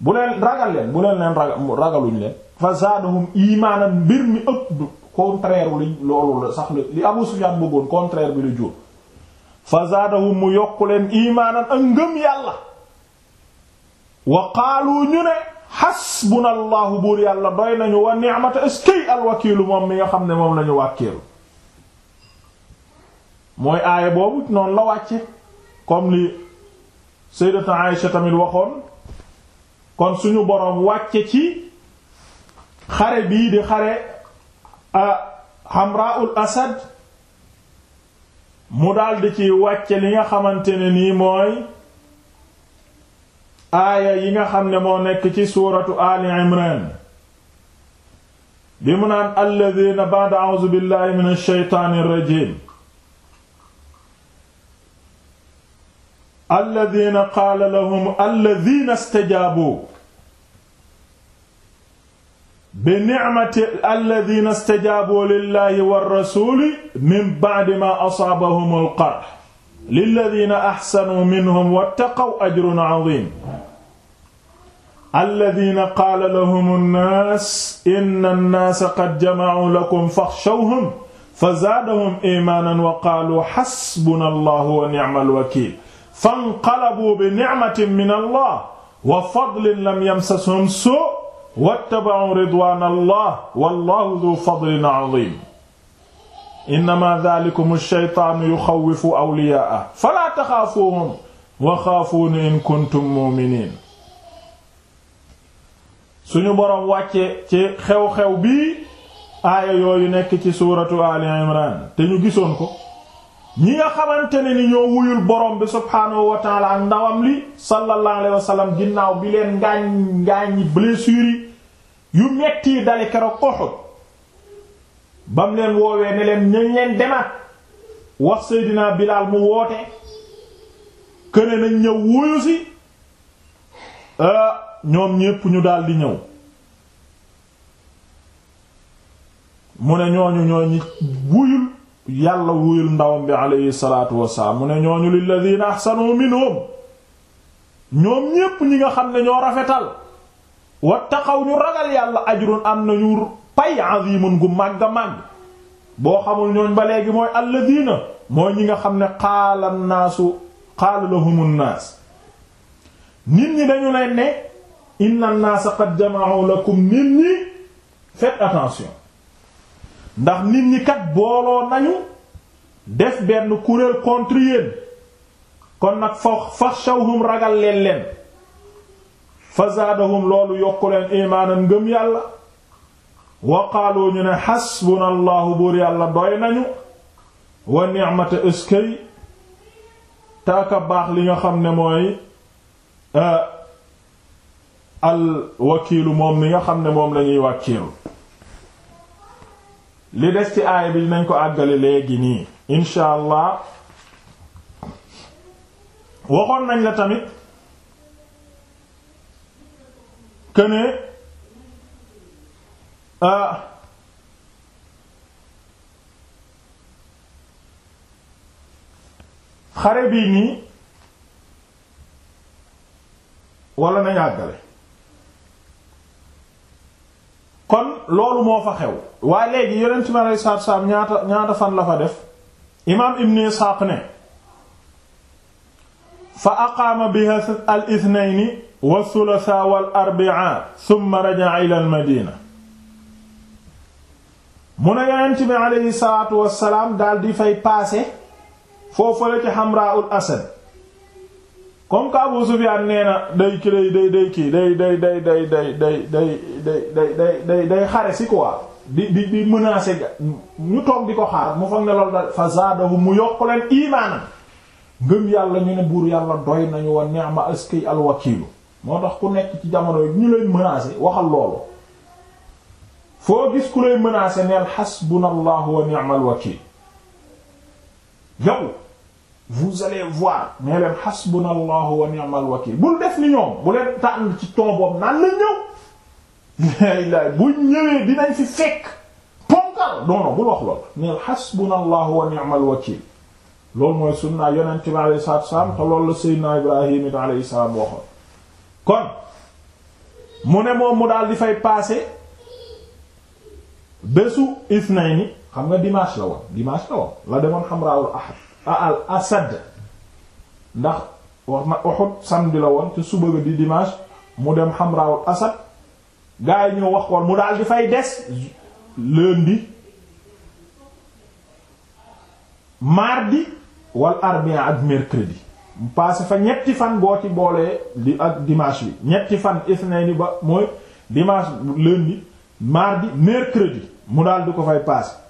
bu leen ragal leen bu leen leen ragaluñ leen fazadahum imanan mbir mi ëpp contraire li loolu la sax li Abu Sufyaan bëggoon contraire bi lu jur fa zaadahum mu yokku leen imaanan ak ngëm yàlla wa qaalu ñu ne xasbuna allahu buur yàlla doy nañu wa ni'mata eskey alwakiilu moom mi nga xam ne moom lañu wàkkiilu mooy aaya boobu noonu la wàcce comme li sayyidatu Aisha tamit waxoon kon suñu boroom wàcce ci xare bii di xare Hamra'ul Asad mu daldi ci wàcce li nga xamante ne nii mooy yi nga xam ne moo nekk ci suuratu Ali Imran bi mu naan alladhina ba'da a'udhu billahi minash shaytanir rajim alladhina qaala lahum alladhina istajabu bi ni'mati alladhina istajabu lillahi war rasuli min ba'di ma asaabahum al qarh lilladhina ahsanu minhum wattaqaw ajrun 'azim alladhina qaala lahum an-nas inna an-nasa qad jama'u lakum fakhshawhum fazaadahum imanan wa qaalu hasbuna allahu wa ni'mal wakiil fanqalabu bi ni'matin min allah wa fadlin lam yamsashum suu' wattaba'u ridwaana allah wallahu dhu fadlin azim innama dhalikum ash-shaytaanu yuxawwifu awliyaa'ahu falaa taxaafuuhum wa xaafuuni in kuntum mu'miniin suñu boroom wàcce ci xew-xew bii aaya yooyu nekk ci suuratu ali imran te ñu gisoon ko ñi nga xamante ne ni ñoo wuyul borom bi subhaanahu ndawam li sallallahu alayhi wa sallam ginnaaw bi leen ngaañ ngaañi blessure yu metti dale keroog Uhud bam leen woowee ne leen ñañ leen demaat wax Seydina Bilaal mu woote këne nañ ñëw wuyu si euh, ñoom ñépp ñu daldi di ñëw mu ne ñooñu ñooñu wuyul yàlla wuyul ndawam bi aleyhi salaatu wassalaam mu ne ñooñu lilladina ahsanu minhum ñoom ñépp ñi nga xam ne ñoo rafetal wattaqaw ñu ragal yàlla ajrun am nañu pay azimun gu màgga màgg boo xamul ñooñ ba léegi mooy alladina mooy ñi nga xam ne qaala nnaasu qaala lahum nnaas nit ñi dañu leen ne inna nnaasa qad jama'u lakum nit ñi faites attention ndax nit ñi kat booloo nañu def benn kuréel contre kon nag fa faxshawhum ragal leen leen fa loolu yokku leen ngëm yàlla wa qaalu ñu ne xasbuna allahu buur yàlla doy nañu wa ni'mata ëskay taaka baax li nga xam ne mooy euh, al wakiilu moom mi nga xam ne moom lañuy wàkkiilu li des ci aaya bi nañ ko àggale léegi nii insha allah waxoon nañ la tamit këne ah euh, xare bii nii wala nañ àggale kon loolu moo fa xew waaye léegi yonent bi aleyhi salaatu salaam ñaata ñaata fan la fa def imaam ibn Isxaaq ne fa aqaama biha al ithnayni wa thulatha wal arbi'a thumma raja'a ila al madina mu ne yonent bi aleyhi daal di fay paase foofale ci Hamra'ul Asad comme que Abu Sufyan nee na day ki day day kii day day day day day day day day day day day xare si quoi di di di menacer ga ñu toog di ko xaar mu foog ne loolu da fa zaadahu mu yokk leen imaanam ngëm yàlla ñu ne buur yàlla doy nañu wa ni'ma askay alwakiilu moo tax ku nekk ci jamono yi ñu leen menacer waxal loolu foo gis ku lay menacer neel xasbunallahu wa ni'mal wakiil yow vous allez voir nee leen hasbunallahu wa ni'mal wakil bul def ni ñoom bu leen tànn ci toobam naan la ñëw laay bu ñëwee dinañ fi fekk ponkal non non bul wax lool neel hasbunallahu wa ni'mal wakil loolu mooy sunna yonent bi alayhi salaatu wasalaam te loolu la seydina ibrahim it alayhi salaam waxoon kon mu ne moom mu daal di fay passé bésu isnayni xam nga dimanche la woon dimanche la woon la demoon xamraawul ahad al asad ndax wax na Uhud samedi la woon te suba di dimanche mu dem Hamrawul asad gaa yi ñëw wax koon mu daal di fay des lundi mardi wal arbien ak mercredi mu paase fa ñetti fan boo ci boolee li ak dimanche bi ñetti fan isnayni ba mooy dimanche lundi mardi mercredi mu daal di ko fay paase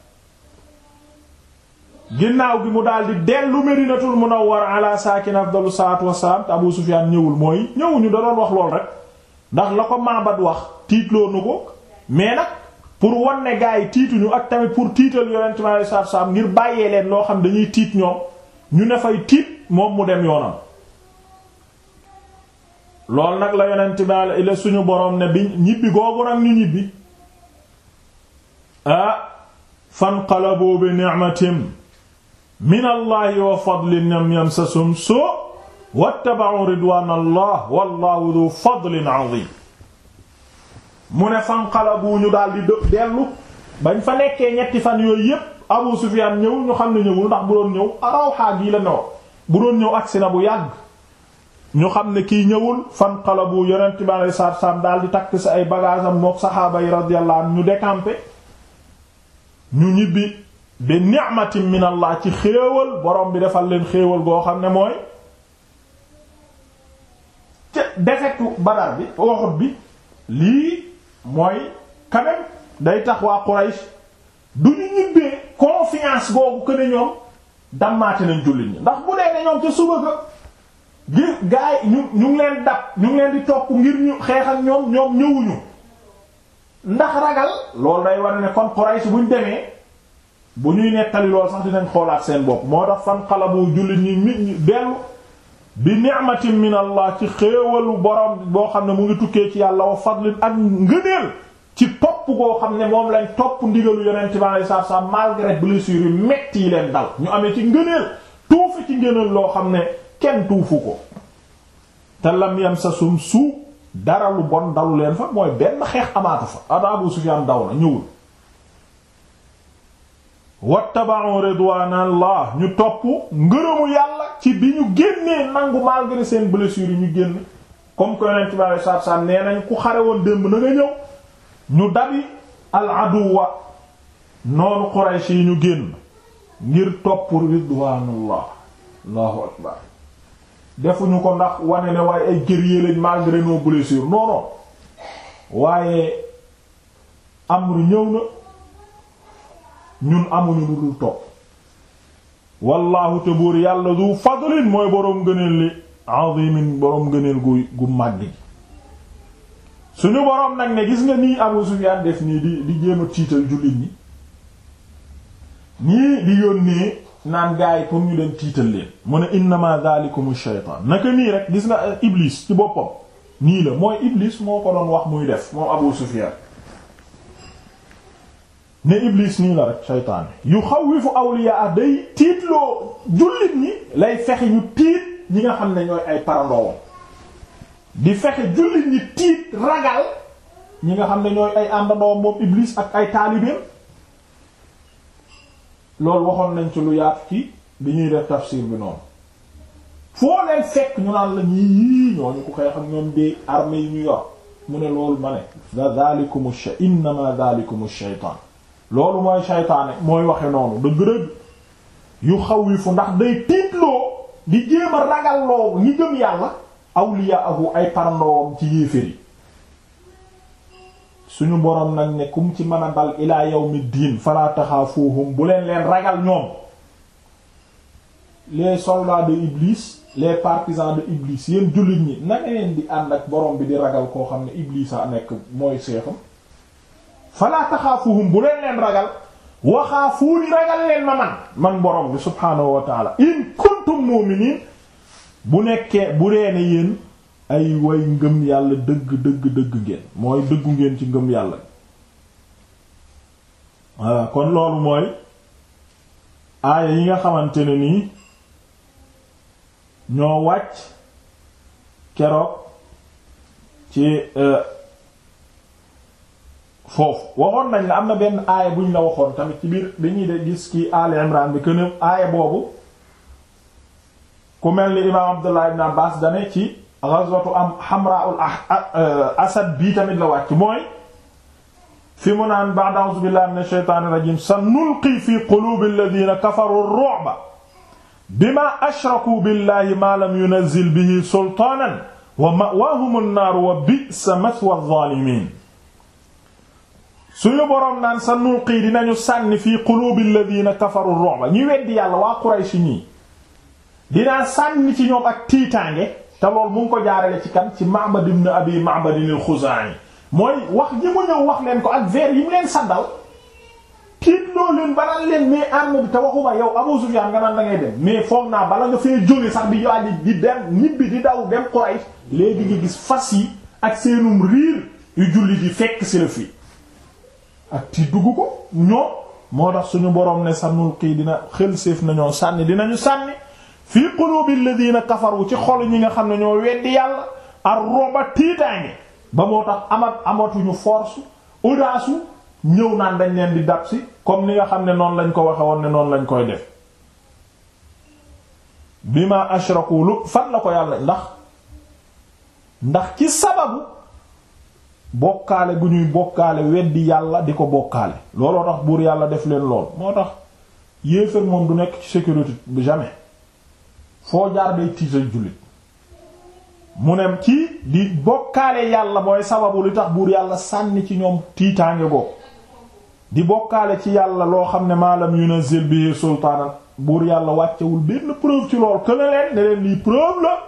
ginnaaw bi mu daal di dellu Madinatul Munawwara ala saakin afdalu salaatu wassalaam te Abu Sufyaan ñëwul mooy ñëwuñu da wax lool rek ndax la ko Maabad wax tiitloo na ko mais nag pour wan ne gaa yi tiituñu ak tamit pour tiital Yonent mi alayhi ngir bàyyee leen loo xam dañuy tiit ñoom ñu ne fay tiit moom mu dem yoonam. loolu nag la Yonent bi suñu boroom ne bi ñibbi googu nag ñu ñibbi ah fanqalabu bi ni'matin minallahi wa fadlin lam yamsasum suu wattaba'u mu ne fanqalabu ñu daldi di dellu bañ fa nekkee ñetti fan yooyu yépp Abu Sufyaan ñëw ñu xam ne ñëwul ndax bu doon ñëw Rawhaa gii la newoon bu doon ñëw agsi na bu yàgg ñu xam ne kii ñëwul fanqalabu yonent bi alayhi salaatu salaam daal di takk si ay bagaasam mook saxaaba yi radiyallahu ñu décampé ñu ñibbi bi ni'matin min allah ci xéewal borom bi defal leen xéewal goo xam ne mooy ca defetu badar bi waxut bi lii mooy quand même day tax waa Quraysh du ñu ñibbee confiance googu que ne ñoom dammaate nañ jullit ñi ndax bu dee ne ñoom ca suba ka gi gaay ñu ñu leen dab ñu ngi leen di topp ngir ñu xeex ak ñoom ñoom ñëwuñu ndax ragal loolu day war ne kon Quraysh buñ demee bu ñuy nettali lool sax dinañ xoolaat seen bopp moo tax fan xalabu jullit ñi nit ñi dellu bi ni'matin min allah ci xéewalu borom boo xam ne mu ngi tukkee ci yàlla wa fadlin ak ngëneel ci topp koo xam ne moom lañ topp ndigalu yonent bi alayhi salaatu salaam malgré blessure yu metti yi leen dal ñu amee ci ngëneel tuufi ci ngëneel loo xam ne kenn tuufu ko te lam sa sum suu dara lu bon dalu leen fa mooy benn xeex amaatu fa Abu Sufyaan daw na ñëwul wattaba'u ridwanallah ñu topp ngërëmu yàlla ci bi ñu génnee nangu malgré seen blessure yi ñu génn comme que yonent bi alayhi salaatu salaam nee nañ ku xare woon démb na nga ñëw ñu dabi al aduwa noonu Quraysh yi ñu génn ngir topp ridwanullah allahu akbar defuñu ko ndax wane ne waaye ay guerrier lañ malgré nos blessures non non waaye amru ñëw na ñun amuñu lu dul topp wallaahu te buur yàlla du fadlin mooy boroom gëneel li azimin boroom gëneel gu gu màgg gi suñu boroom nag ne gis nga nii Abu Sufyaan def nii di di a tiital jullit ñi nii di yónnee naan gaay pour ñu leen tiital leen mu ne innama dhalikumu shaytaan naka nii rek gis nga ibliis ci boppam nii la mooy iblis moo ko doon wax muy def moom Abu Sufyaan ne Iblis nii la rek seytaane yu xawwifu awliyaa day tiitloo jullit ñi lay fexe ñu tiit ñi nga xam ne ñooy ay parandoowam di fexe jullit ñi tiit ragal ñi nga xam ne ñooy ay àndandoowam moom Iblis ak ay taalibeem loolu waxoon nañ ci lu yaatu ci bi ñuy def tafsir bi noonu foo leen fekk ñu naan la ñii ñooñu ko koy xam ñoom de armée yi ñu yor mu ne loolu ma ne. da zaalikumu innamaa zaalikumu shaytaan loolu mooy saytaane mooy waxe noonu dëgg-dëgg yu xaw yi fu ndax day tiitloo di jéem a ragal loo ñi gëm yàlla awliyaahu ay parndoom ci yéeféer yi suñu boroom nag ne kum ci mën a dal ilaa yawmi diin falaa taxaafuuhum bu leen leen ragal ñoom les soldats de Iblis les partisans de Iblis yéen jullit ñi na ngeen di ànd ak borom bi di ragal koo xam ne Iblis nekk mooy seexam falaa taxaafuhum bu leen leen ragal waxaafuuni ragal leen ma man man borom bi subhaanahu wa taala in kuntum mu'miniin bu nekkee bu dee ne ay way ngëm yàlla dëgg dëgg dëgg ngeen mooy dëggu ngeen ci ngëm yàlla voilà kon loolu mooy aaya yi nga xamante ne nii ñoo wàcc keroog ci euh, foofu waxoon nañ la am na benn aaya buñ la waxoon tamit ci biir dañuy de gis kii Ali Imran bi quene aaya boobu ku mel ni imaam Abdullah ibn Abbas dane ci ghazwatu am Hamra'ul ah, ah, euh, Asad bii tamit la wàcc mooy fi mu naan ba'da a'uuzu billahi minash shaytaanir rajiim sanulqi fi quluubil laziina kafaru ar-ru'ba bimaa ashrakuu billahi maa lam yunazzil bihi sultaanan wa ma'waahum an-naar wa bi'sa mathwa adh-dhaalimiin suñu boroom naan sa nuqii dinañu sànni fii qulubi alladhina kafaru ru'ba ñi weddi yàlla waa Quraysh ñii dinaa sànni ci ñoom ak tiitaange te lool mu ko jaarale ci kan ci Ma'bad ibn Abi Ma'bad al-Khuzaa'i mooy wax ji mu ñëw wax leen ko ak veer yi mu leen saddal tiit loo leen banaan leen mais arme bi te waxuma yow Abu Sufyaan nga naan da ngay dem mais foog naa bala nga fee jóge sax di yoaji di dem ñibbi di daw dem Quraysh léegi nga gis fas yi ak seenum riir yu julli di fii ak ti dugg ko ñoom moo tax suñu boroom ne sanul kii dina xel séef nañoo sànni dinañu sànni fii la qulubil ladina kafaru ci xol ñi nga xam ne ñoo weddi yàlla ar roba tiitaange ba moo tax amat amatuñu force audace ñëw naan dañ leen di dab si comme ni nga xam ne noonu lañ ko waxe woon ne noonu lañ koy def bima ashraku lu fan la ko yàlla ndax ndax ci sababu bokkaale gu ñuy bokkaale weddi yàlla di ko bokkaale looloo tax buur yàlla def leen lool moo tax yéefar moom du nekk ci sécurité bu jamais foo jaar day tiital jullit mu ne ci di bokkaale yàlla mooy sababu li tax buur yàlla sànni ci ñoom tiitaange boobu di bokkaale ci yàlla loo xam ne maalam yunazil bihi sultaanan buur yàlla wàccewul benn preuve ci lool que ne leen ne leen lii preuve la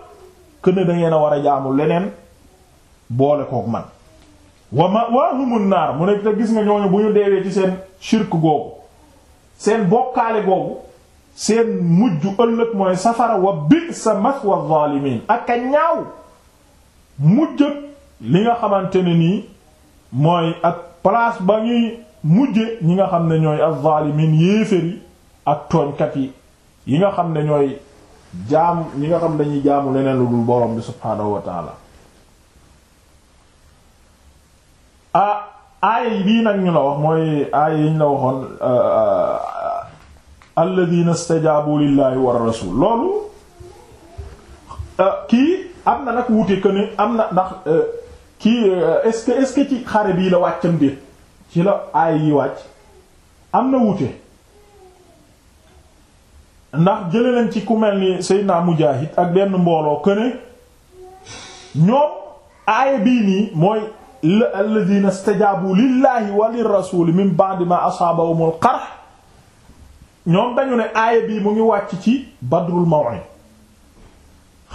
kën ne da a war a jaamul leneen boole kook man wa ma'wahumun naar mu nekk te gis nga ñooñu bu ñu deewee ci seen shirk googu seen bokkaale googu seen mujj ëllëg mooy safara wa bi'sa maswa zalimin ak a ñaaw mujj li nga xamante ne nii mooy ak place ba ñuy mujje ñi nga xam ne ñooy az-zalimin yéefér yi ak tooñkat yi yi nga xam ne ñooy jaam ñi nga xam dañuy jaamu leneen lu dul borom bi subhaanahu wa ah aaya bii nag ñu la wax mooy aaya yi ñu la waxoon ah, ah, alladhina stajabu lillahi war rasul loolu ah, kii am na nag wuute que am na ndax kii est-ce ci xare bii la wàccam déet ci la aaya yi wàcc am na wuute ndax jële leen ci ku mel ni Seydina Mujaahid ak benn mbooloo que ñoom aaya bii nii mooy alladhina stajaabu lillahi wa lirrasuli mi ba'di ma asaabahumul qarh ñoom dañu ne aaya bii mu ngi wàcc ci badrul maw'id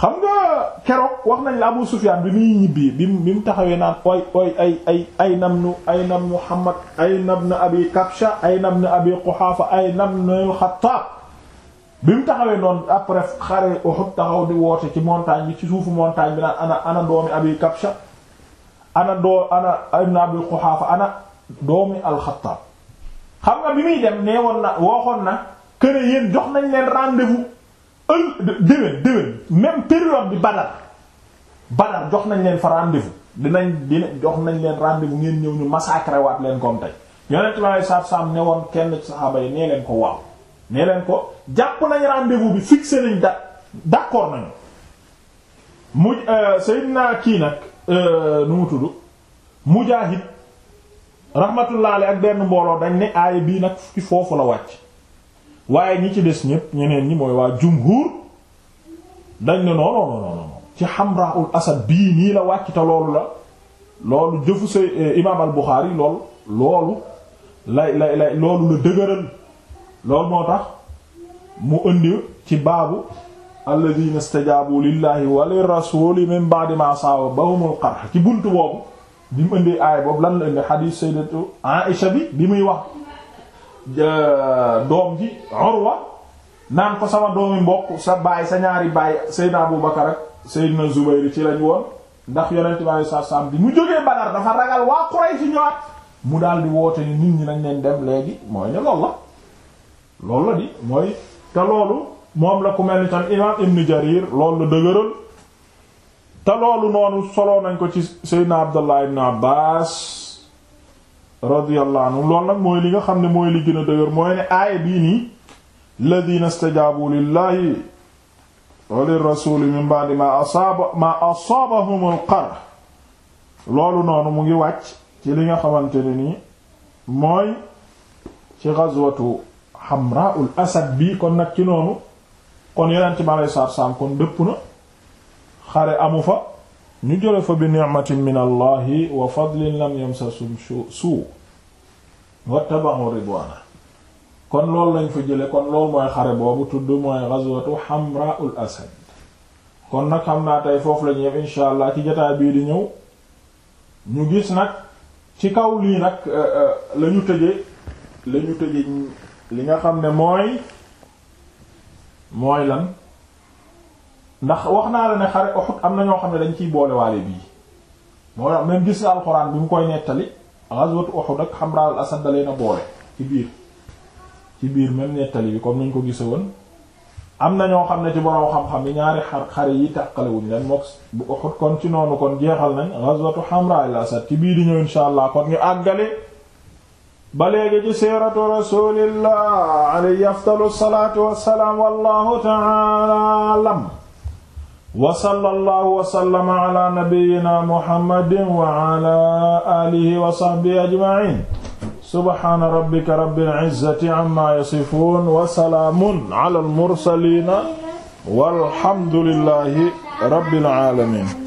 xam nga keroog wax nañ la Abu Sufyan bi muy ñibbi bi mu taxawee naan oy oy ay ay ay nam nu ay nam Muhammad ay nam na abi Kabsha ay nam na abi Quhafa ay nam na Xattaab bi mu taxawee noon après xare Uhud taxaw di woote ci montagne bi ci suufu montagne bi naan ana doomi abi Kabsha ana doo ana ibn abi quhaafa ana doomi alxattaab xam nga bi muy dem nee woon na waxoon na kër yéen jox nañ leen rendez-vous bi badar badar jox nañ leen fa dinañ dina jox nañ leen rendez-vous ngeen ñëw ñu massacré waat leen comme tey yonent ma saab saab ne woon kenn saxaaba yi nee leen ko waaw nee leen ko jàpp nañ rendez-vous bi fixé nañ da d'accord nañu mu euh, Seydina kii nag Euh, nu mu tudd Mujaahid rahmatullah alayhi ak benn mbooloo dañ ne aaya bii nag ci foofu la wàcc waaye ñi ci des ñépp ñeneen ñi mooy waa jumhur dañ ne non non non non Asad bii nii la wàcc te loolu la loolu jëfu sa eh, imaam al lool loolu lay lay lay loolu la dëgëral loolu moo tax mu indi ci baabu alladina stajaabu lillahi wa lirasuli min ba'di ma saabahumul qarh ci buntu boobu bi mu ëndee aay lan la ëndee xadiis sayyidatu Aisha bi muy wax doom ji Urwa naan ko sama doomi mbokk sa baay sa ñaari baay sayyidina Abu Bakar ak sayyidina Zubayr ci lañ woon ndax yonent bi alayhi bi mu jógee Badar dafa ragal waa Quraysh ñëwaat mu daal di woote ni nit ñi nañ leen dem léegi mooy ne loolu la loolu la di mooy te loolu moom la ku mel ni tam imaam ibn jarir loolu la dëgëral te loolu noonu soloo nañ ko ci seydna abdullah ibn abbas radiyallahu anhu nag mooy li nga xam ne mooy li gën dëgër mooy ne aaya bii nii ladina stajabu lillahi wa lirrasuli min ba'di ma asaaba ma asaabahum al loolu noonu mu ngi wàcc ci li nga xamante ne nii mooy ci ghazwatu hamra'ul asad bii kon nag ci noonu kon yeneen ci ma lay saar saam kon dëpp na xare amu fa ñu jële fa bi ni'matin min allahi wa fadlin lam yamsasum suu wa tabaxu kon loolu lañ fa jële kon loolu mooy xare boobu tudd mooy ghazwatu hamra'ul asad kon nag xam naa tey foofu la ñuy def insha allah ci jotaay bii di ñëw ñu gis nag ci kaw lii nag euh, euh, la tëje la tëje li nga xam ne mooy mooy lan ndax wax naa la ne xare Uhud am na ñoo xam ne dañ ciy boole waale bii moo tax même gis alxuraan bi mu koy nettali ghazwat Uhud ak Hamra al-Asad boole ci biir ci biir même nettali bi comme ni ñu ko gise woon am na ñoo xam ne ci borom xam-xam yi ñaari xar xare yi tàqalewuñ leen mook bu Uhud kon ci noonu kon jeexal nañ ghazwatu Hamra al-Asad ci biir di ñëw insha allah kon ñu àggale ba léegi ci siiratu rasulillah alayhi afdalu salaatu wassalaam wallahu ta'ala alam wa sallallahu wa sallama ala nabiyyina muhammadin wa ala alihi wa sahbihi ajma'in subhaana rabbika rabbil izzati amma yasifun wa salaamun ala al mursalina walhamdulillahi rabbil alamin